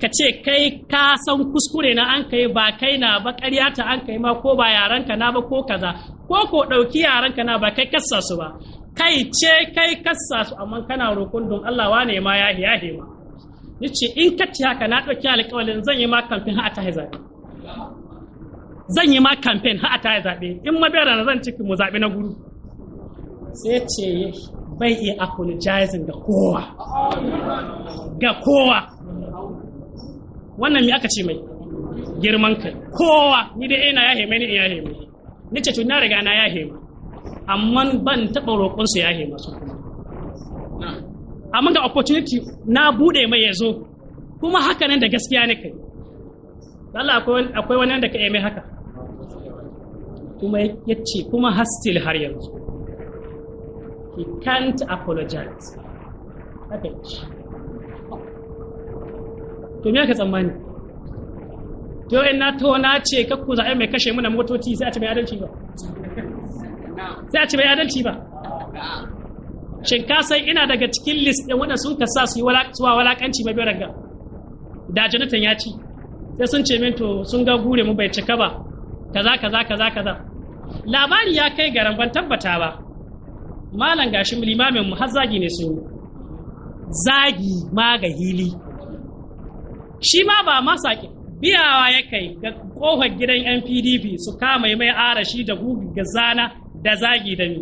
ka ce kai ka san kuskure na an kai ba kai na ba ƙarya ta an kai ma ko ba yaranka na ba ko kaza ko ko ɗauki yaranka na ba kai kassa su ba kai ce kai kassa su amma kana roƙon don Allah wane ma ya yahe ma ce in ka ci haka na ɗauki alƙawalin zan yi ma kamfen ha a yi zaɓe zan yi ma kamfen ha a yi zaɓe in ma bera zan ciki mu zaɓe na guru sai ce bai iya apologizing ga kowa ga kowa wannan me aka ce mai girman kai kowa ni dai ina ya hemi ni ina ya mai ni ce to na riga na ya hemi amma ban taɓa roƙonsa ya hema su kuma amma ga opportunity na buɗe mai ya zo kuma haka nan da gaskiya ne kai Allah akwai wani da ka yi mai haka kuma ya ce kuma hastil har yanzu he can't apologize haka ce to me aka tsammani to in na to na ce kakku zaɓe mai kashe muna motoci sai a ce mai adalci ba sai a ci bai adalci ba shin ka san ina daga cikin list ɗin wanda sun ka sa su yi suwa walakanci mai biyar ga da janatan ya ci sai sun ce min sun ga gure mu bai cika ba kaza kaza kaza kaza labari ya kai ga ban tabbata ba malam gashi limamin mu har zagi ne su. zagi ma ga hili shi ma ba masa saƙi biyawa ya kai ga kofar gidan yan su kama mai ara shi da gugu ga zana da zagi da ni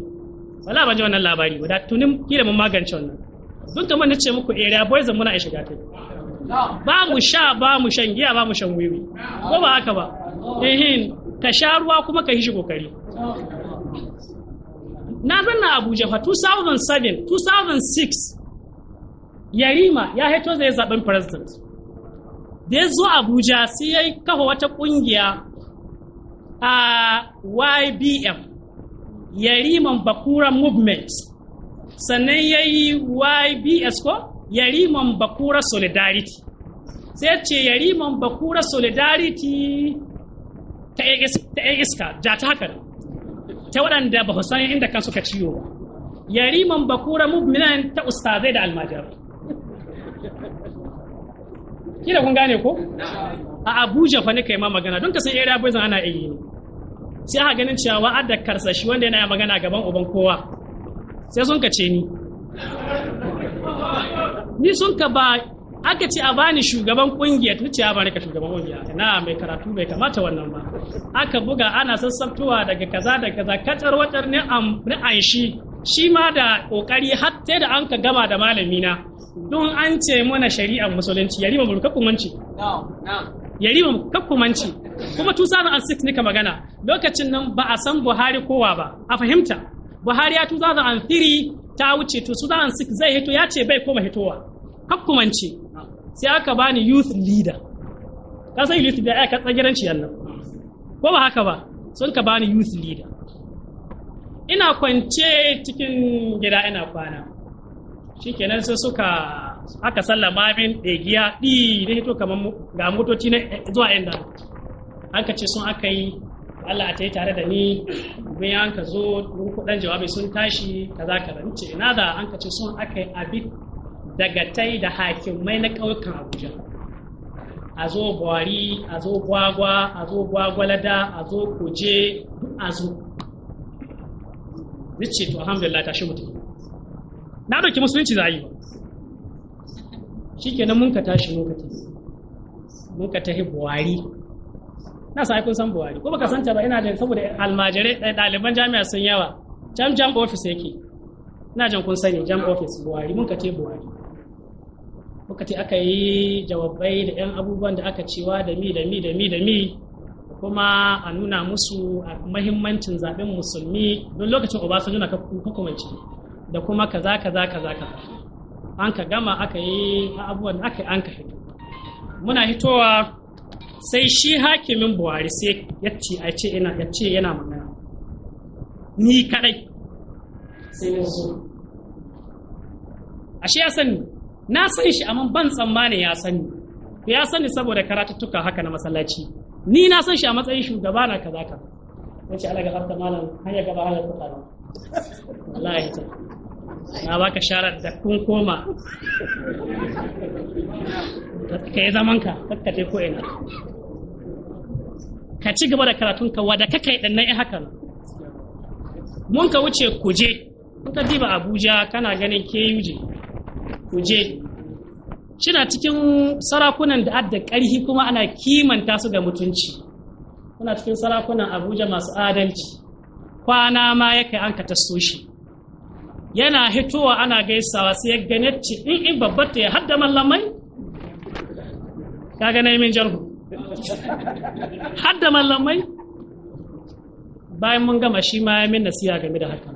wala ban ji wannan labari ba da tunin kila mun magance wannan duk kamar ce muku area eh, boys muna shiga ta ba mu sha ba mu shan giya ba mu shan wiwi ko ba haka ba ehin ka sha ruwa kuma ka shi kokari na zanna Abuja fa 2007 2006 Yarima ya haito zai zaben president da ya zo Abuja sai ya kafa wata kungiya a YBM yariman bakura movement sannan ya yi ybs ko yariman bakura solidarity sai ce yariman bakura solidarity ta iska ja ta haka ta waɗanda ba san inda kan suka ciwo ba yariman bakura movement ta ustazai da almajirai Kira kun gane ko a abuja fa ne yi ma magana don ka san area boys ana yi sai aka ganin cewa wa'adda karsashi wanda yana magana gaban uban kowa sai sun kace ni ni sun ka ba aka ce a bani shugaban kungiya ta ce a bani ka shugaban kungiya na mai karatu bai kamata wannan ba aka buga ana sassaftuwa daga kaza da kaza kacar watar ne an shi shi ma da kokari har sai da an ka gama da malami na don an ce mana shari'ar musulunci yari ma kakkumanci yari ma kakkumanci kuma 2006 ka magana lokacin nan ba a san buhari kowa ba a fahimta buhari ya 2003 ta wuce 2006 zai hito ya ce bai koma hitowa hakkumance sai aka bani youth leader ka san youth leader ka tsagiranci yannan ko ba haka ba sun ka bani youth leader ina kwance cikin gida ina kwana shikenan sai suka aka sallama min ɗegiya ɗi da hito kamar ga motoci na eh, zuwa inda an ka ce sun aka yi Allah a ta yi tare da ni bayan ya anka zo ɗan jawabi sun tashi kaza kaza ni ce ina da an ka ce sun aka yi abi daga tai da hakimai na ƙauyukan Abuja a zo Buhari a zo Gwagwa a zo Gwagwalada a zo Kuje a zo ni ce to alhamdulillah tashi mutum na doki musulunci za a yi ba shikenan mun ka tashi mun ka tafi mun ka tafi Buhari na sai kun san buhari ko baka san ba ina da saboda almajirai eh, ɗaliban jami'a sun yawa jam jam office yake Ina jan kun sani jam office buhari mun ka ce buhari muka ce aka yi jawabai da 'yan abubuwan da aka cewa da mi da mi da mi da mi kuma a nuna musu a mahimmancin zaben musulmi don lokacin obasanjo na hukumanci da kuma kaza kaza kaza kaza an ka gama aka yi abubuwan aka yi an ka hito muna hitowa sai shi hakimin buhari sai ya ce a ce yana ya ce yana magana ni kadai sai na zo ashe ya sani na san shi amma ban tsammanin ya sani ku ya sani saboda karatuttuka haka na masallaci ni na san shi a matsayin shugaba na kaza ka wace ala ga hafta malam hanya gaba hanyar kuka wallahi na baka sharar da kun koma ka yi zamanka ka ko ina ka ci gaba da karatunka wada ka kai ɗannan ya hakan mun ka wuce kuje mun ka diba abuja kana ganin kuje kuje shina cikin sarakunan da adda ƙarhi kuma ana kimanta su ga mutunci suna cikin sarakunan abuja masu adalci kwana ma ya kai an ka shi yana hitowa ana gaisawa sai ya gane ci in in babbar ta ya hadda mallamai kaga nayi min jarhu hadda mallamai bayan mun gama shi ma ya min nasiya game da haka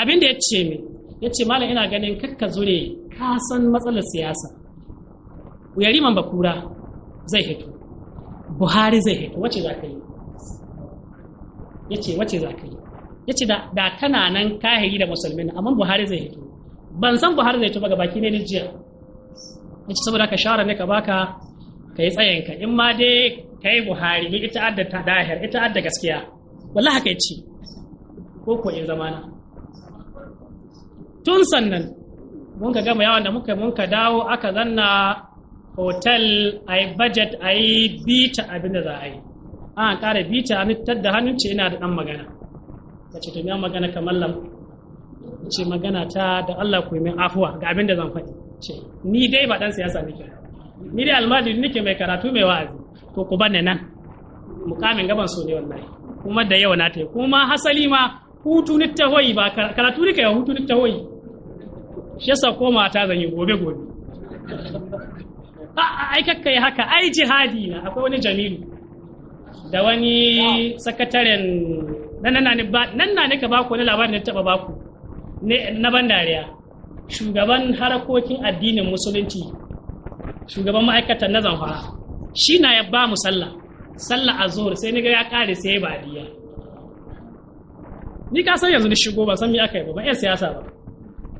abin da ya ce min ya ce malam ina ganin kakka zure ka san matsalar siyasa man bakura zai hito buhari zai hito wace za ka yi ya ce wace za ka yi yace da da tana nan kahiri da musulmi amma Buhari zai hito ban san Buhari zai hito ba gabaki ne ni jiya yace saboda ka shara ne ka baka kai tsayen ka in ma dai kai Buhari ni ita adda ta dahir ita adda gaskiya wallahi kai ce ko ko in zamana tun sannan mun ka gama yawan da muka mun ka dawo aka zanna hotel a yi budget a yi bita abin da za a yi an ƙara bita a da hannun ce ina da ɗan magana ta ce magana ka mallam ce magana ta da Allah ku min afuwa ga abin da zan faɗi ce ni dai ba dan siyasa nake ni dai almajiri nake mai karatu mai wa'azi to ku bane nan mukamin gaban so ne wallahi kuma da yawa na tai kuma hasali ma hutu ni ta hoyi ba karatu ka ya hutu ni ta hoyi shi yasa koma ta zan yi gobe gobe ai kakkai haka ai jihadi na akwai wani jamilu da wani sakataren nan na ne ba ku ka baku wani labarin da taba baku na ban dariya shugaban harakokin addinin musulunci shugaban ma'aikatan na fara shi na ya ba mu sallah sallah zuhur sai ni ga ya kare sai ba diya ni ka san yanzu ni shigo ba san me aka yi ba ba siyasa ba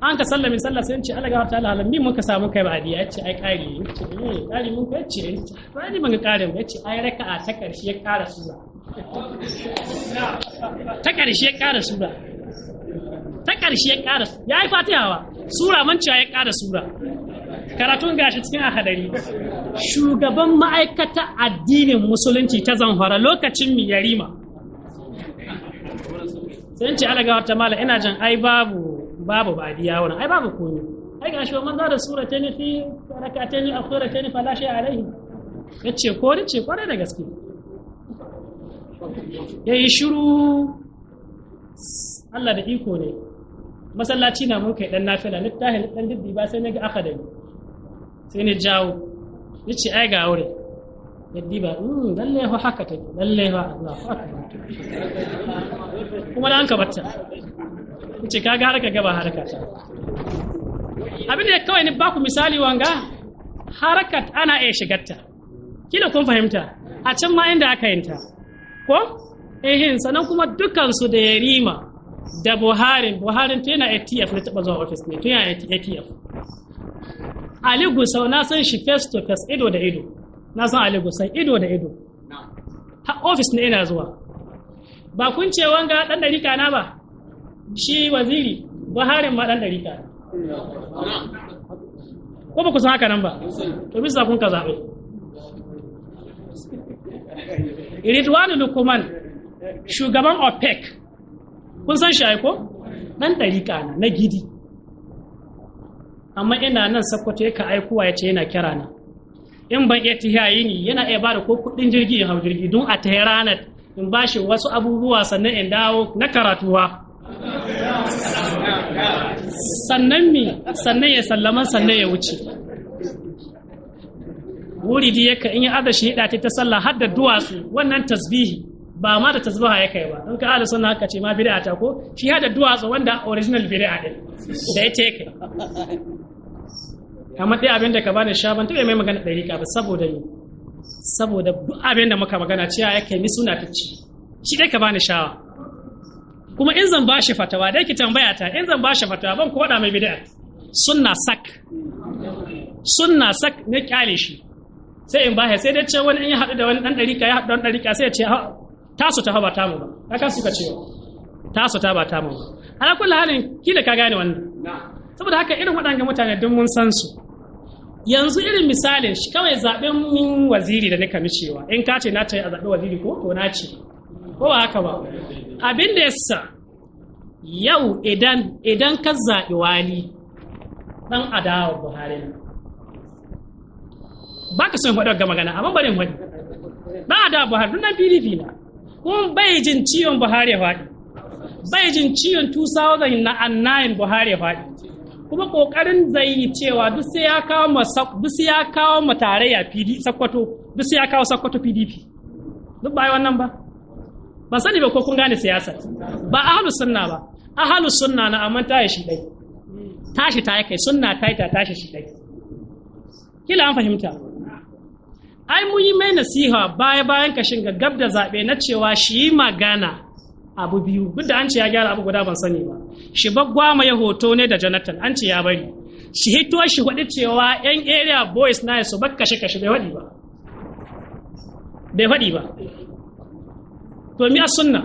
an ka sallamin sallah sai ce Allah ga ta Allah min muka samu kai ba diya ce ai kare yace eh kare mun kai ce ba ni ban ga kare ba yace ai raka'a ta karshe ya kara suza ta ƙarshe ƙara sura ta ƙarshe ƙara ya yi fatihawa sura manciya ya ƙara sura karatun gashi cikin ahadari shugaban ma'aikata addinin musulunci ta zanfara lokacin mi yarima sai ce alagawa ta mala ina jan ai babu babu badiya wani ai babu koyo ai gashi wannan da sura ta ne fi rakatani akwai ta ne fala shay alaihi yace ko ce kwarai da gaske ya yi shiru Allah da iko ne masallaci na muka kai dan nafila ni tahi dan dibi ba sai ga aka dani sai ne jawo yace ai ga aure yaddi ba mm lalle ho haka take lalle ba Allah ho haka kuma dan an ka batta nace kaga haraka gaba haraka ta abin da kawai ni ku misali wanga harakat ana iya shigarta kila kun fahimta a can ma inda aka yinta ko ehin sanan kuma su da yarima da buharin buharin tun yana atf na taɓa zuwa ofis ne tun yana atf ali gusau na san shi face to face ido da ido na san ali gusau ido da ido ha ofis ne yana zuwa ba kun ce wanga dan ɗarika na ba shi waziri buharin ma dan ɗarika ko ba ku san haka nan ba to bisa kun ka zaɓe Ridwanu Lukuman shugaban OPEC kun san shi ko dan dariƙa na na gidi amma ina nan Sokoto yake ya yace yana kira na in ban iya tihayi ni yana iya bada ko kuɗin jirgi in hau jirgi don a tayi ranar in bashi wasu abubuwa sannan in dawo na karatuwa sannan mi sannan ya sallama sannan ya wuce wuridi yake in ya aza shi ta ta sallah har da duwatsu wannan tasbihi ba ma da tasbaha ya kai ba don ka ala sunna haka ce ma bid'a ta ko shi hada duwatsu wanda original bid'a ne da ya take Kamar dai abin da ka bani sha ban taɓa mai magana dari ka ba saboda ni saboda duk abin da muka magana cewa ya kai ni suna ta ci shi dai ka bani shawa kuma in zan bashi fatawa dai ki tambaya ta in zan bashi fatawa ban ko mai bid'a sunna sak sunna sak ne kyale shi sai in baya sai dai ce wani in ya haɗu da wani ɗan ɗarika ya haɗu da ɗarika sai ya ce tasu ta ba tamu ba haka suka cewa tasu ta ba tamu ba ala kullu halin da ka gane wannan saboda haka irin waɗannan mutane duk mun san su yanzu irin misalin shi kawai zaɓen min waziri da nika micewa in ka ce na ta yi a zaɓi waziri ko ko na ce ko ba haka ba abin da yasa yau idan idan ka zaɓi wali dan adawa buhari na ba ka so in faɗi ga magana amma bari in faɗi ba a da Buhari dun nan PDP na kuma bai jin ciwon Buhari ya faɗi bai jin ciwon 2000 na annayin Buhari ya faɗi kuma kokarin zai yi cewa duk sai ya kawo ma duk sai ya kawo ma tarayya PDP Sokoto duk sai ya kawo Sakkwato PDP duk bai wannan ba ban sani ba ko kun gane siyasa ba ahlus sunna ba ahlus sunna na amma ta shi dai tashi ta yi kai sunna ta ta tashi shi dai kila an fahimta ai mun yi mai nasiha baya bayan kashin gaggab da zaɓe na cewa shi yi magana abu biyu duk da an ce ya gyara abu guda ban sani ba shi bagwama ya hoto ne da jonathan an ce ya bari shi hito shi hudu cewa yan area boys na su bar kashe kashe bai faɗi ba bai faɗi ba to mi a sunna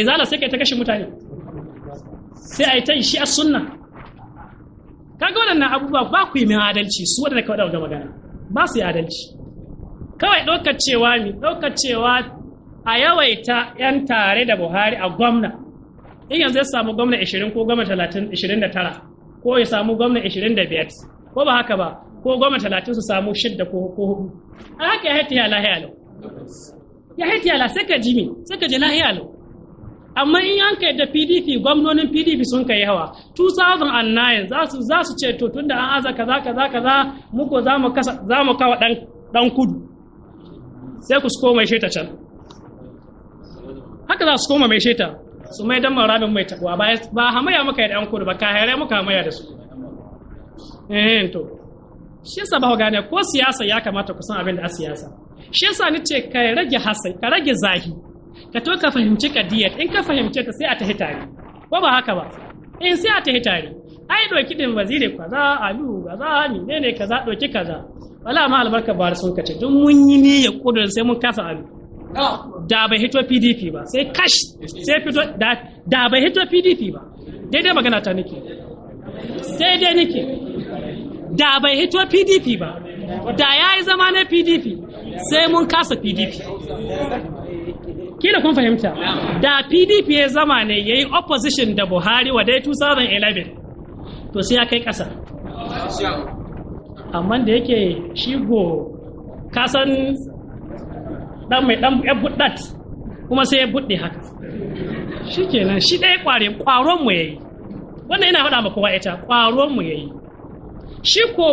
izala eh, sai kai ta kashe mutane sai a yi ta shi a sunna kaga waɗannan abubuwa ba ku yi min adalci su waɗanda ka waɗanda magana ba su yi adalci kawai ɗaukar cewa mi ɗaukar cewa a yawaita 'yan tare da buhari a gwamna in yanzu ya samu gwamna 20 ko gwamna 29 ko ya samu gwamna 25 ko ba haka ba ko gwamna 30 su samu 6 ko hudu a haka ya haiti ya lahiyalo ya haiti ya la sai ka ji mi sai ka ji lahiya amma in an kai da pdp gwamnonin pdp sun kai yawa 2009 za su za su ce to tunda an aza kaza kaza kaza muko za mu kasa za mu kawa dan dan kudu sai ku koma mai ta can haka za su koma mai sheta su mai dan marabin mai tabuwa ba ba hamaya muka yi dan kudu ba ka hare muka hamaya da su eh to shi yasa ba gane ko siyasa ya kamata ku san abin da a siyasa shi yasa ni ce ka rage hasai ka rage zahi ka to ka fahimci kadiyar in ka fahimce ta sai a tahi tare ko ba haka ba in sai a tahi tare ai doki din waziri kaza alu kaza ne kaza doki kaza wala ma albarka ba sun kace dun mun yi ya kudurin sai mun kasa alu da bai hito PDP ba sai kash sai fito da bai hito PDP ba daidai magana ta nake sai dai nake da bai hito PDP ba da ya yi zama na PDP sai mun kasa PDP kila kun fahimta da pdp ya zama ne ya yi opposition da buhari wa dai 2011 to sai ya kai ƙasa amma da yake shigo kasan dan mai dan ya buddat kuma sai ya budde haka shi kenan shi ɗaya ƙware ƙwaron mu yayi wannan ina faɗa ma kowa ita ƙwaron mu yayi shi ko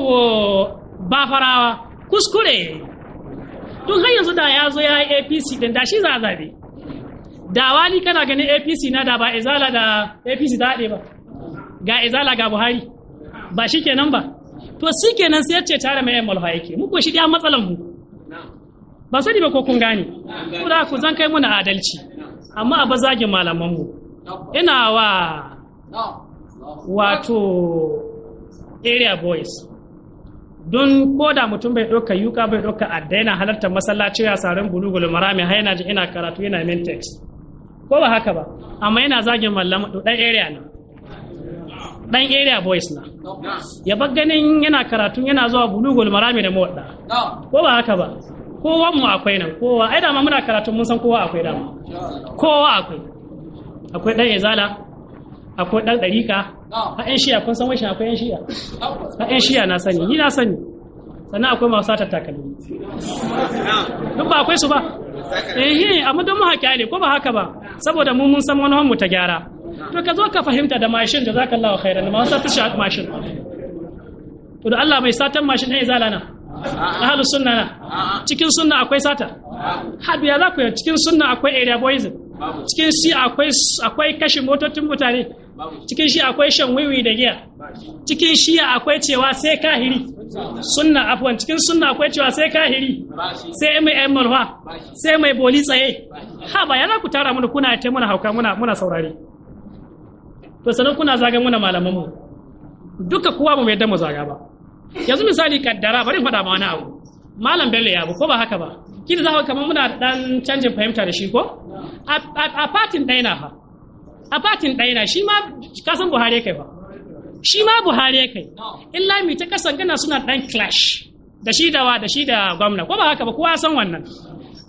ba farawa kuskure duk har yanzu da ya zo ya yi apc din da shi za a zabe da wani kana ganin apc na da ba izala da apc ta haɗe ba ga izala ga buhari ba shi kenan ba to shi kenan sai ce tare mai yan yake mu shi ɗaya matsalan mu ba sani ba ko kun gane ko da ku zan kai muna adalci amma a bazagin malaman mu ina wa wato area boys don ko da mutum bai ɗauka yuka bai ɗauka adda yana halartar masallaci ya sarin bulugul marami har yana ji ina karatu yana min text ko ba haka ba amma yana zagin mallama ɗan area na ɗan area boys na ya bar ganin yana karatu yana zuwa bulugul marami da mawaɗa ko ba haka ba kowa mu akwai nan kowa ai dama muna karatu mun san kowa akwai dama kowa akwai akwai ɗan izala akwai ɗan ɗarika Ah. a yan shiya kun san wai akwai yan shiya a yan shiya na sani ni na sani sannan akwai masu sata takalmi duk ba akwai su ba eh amma don mu haƙi ne ko ba haka ba saboda mu mun san wani mu ta gyara to ka zo ka fahimta da mashin da zaka Allah khairan ma sa ta mashin to da Allah mai satan mashin ne ɗaya zalana ahlus sunna na cikin sunna akwai sata hadu ya za ku yi cikin sunna akwai area boyism cikin shi akwai akwai kashe motocin mutane cikin shi akwai shan wiwi da giya cikin shi akwai cewa sai kahiri sunna afwan cikin sunna akwai cewa sai kahiri sai mai ayyar malwa sai mai boli tsaye ha ba yana ku tara mana kuna ta muna hauka muna muna saurare to sanan kuna zaga muna malaman mu duka kowa mu bai damu mu zaga ba yanzu misali kaddara bari faɗa ma wani abu malam bello ya ko ba haka ba kila za ka kamar muna da dan canjin fahimta da shi ko a fatin ɗaya na fa, a fatin ɗaya na shi ma kasan buhari kai ba shi ma buhari kai illa mi ta kasan gana suna dan clash da shi da wa da shi da gwamna ko ba haka ba kowa san wannan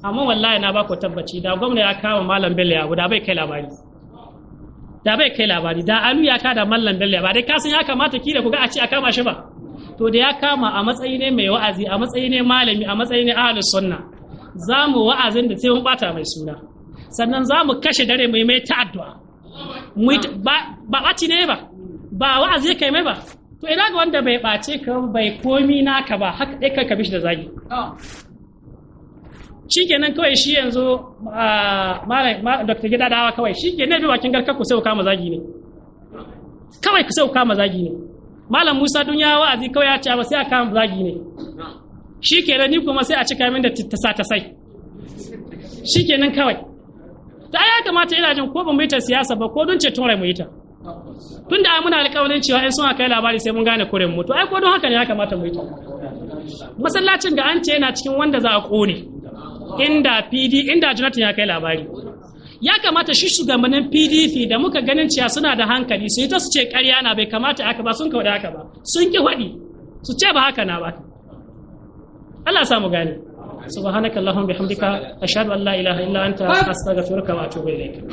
amma wallahi na ba ku tabbaci da gwamna ya kama malam bello ya da bai kai labari da bai kai labari da alu ya kada mallam bello ba dai kasan ya kamata ki da ku ga a ce a kama shi ba to da ya kama a matsayi ne mai wa'azi a matsayi ne malami a matsayi ne ahlus sunna za mu wa'azin da sai mun bata mai suna sannan za mu kashe dare mai mai ta addu'a ba ɓaci ne ba ba wa'azi kai mai ba to ina ga wanda bai ɓace ka bai komi naka ba haka ka kan kabishi da zagi shi kawai shi yanzu dr gida dawa kawai shi kenan bi bakin garkar ku sai ku kama zagi ne kawai ku sai ku kama zagi ne malam musa dun ya wa'azi kawai ya ce ba sai a kama zagi ne shi kenan ni kuma sai a cika min da tasa tasai shi kenan kawai ta ya kamata ina jin ko ban mai ta siyasa ba ko don tun rai mu yi ta tun da muna alƙawarin cewa in sun kai labari sai mun gane kuren mu to ai ko don haka ne ya kamata mu masallacin ga an ce yana cikin wanda za a kone inda pd inda jonathan ya kai labari ya kamata shi shugabannin pdp da muka ganin cewa suna da hankali su yi ta su ce karya na bai kamata haka ba sun kawai aka ba sun ki faɗi su ce ba haka na ba Allah samu gane subhanaka allahumma bihamdika ashhadu an la ilaha illa anta astaghfiruka wa atubu ilayk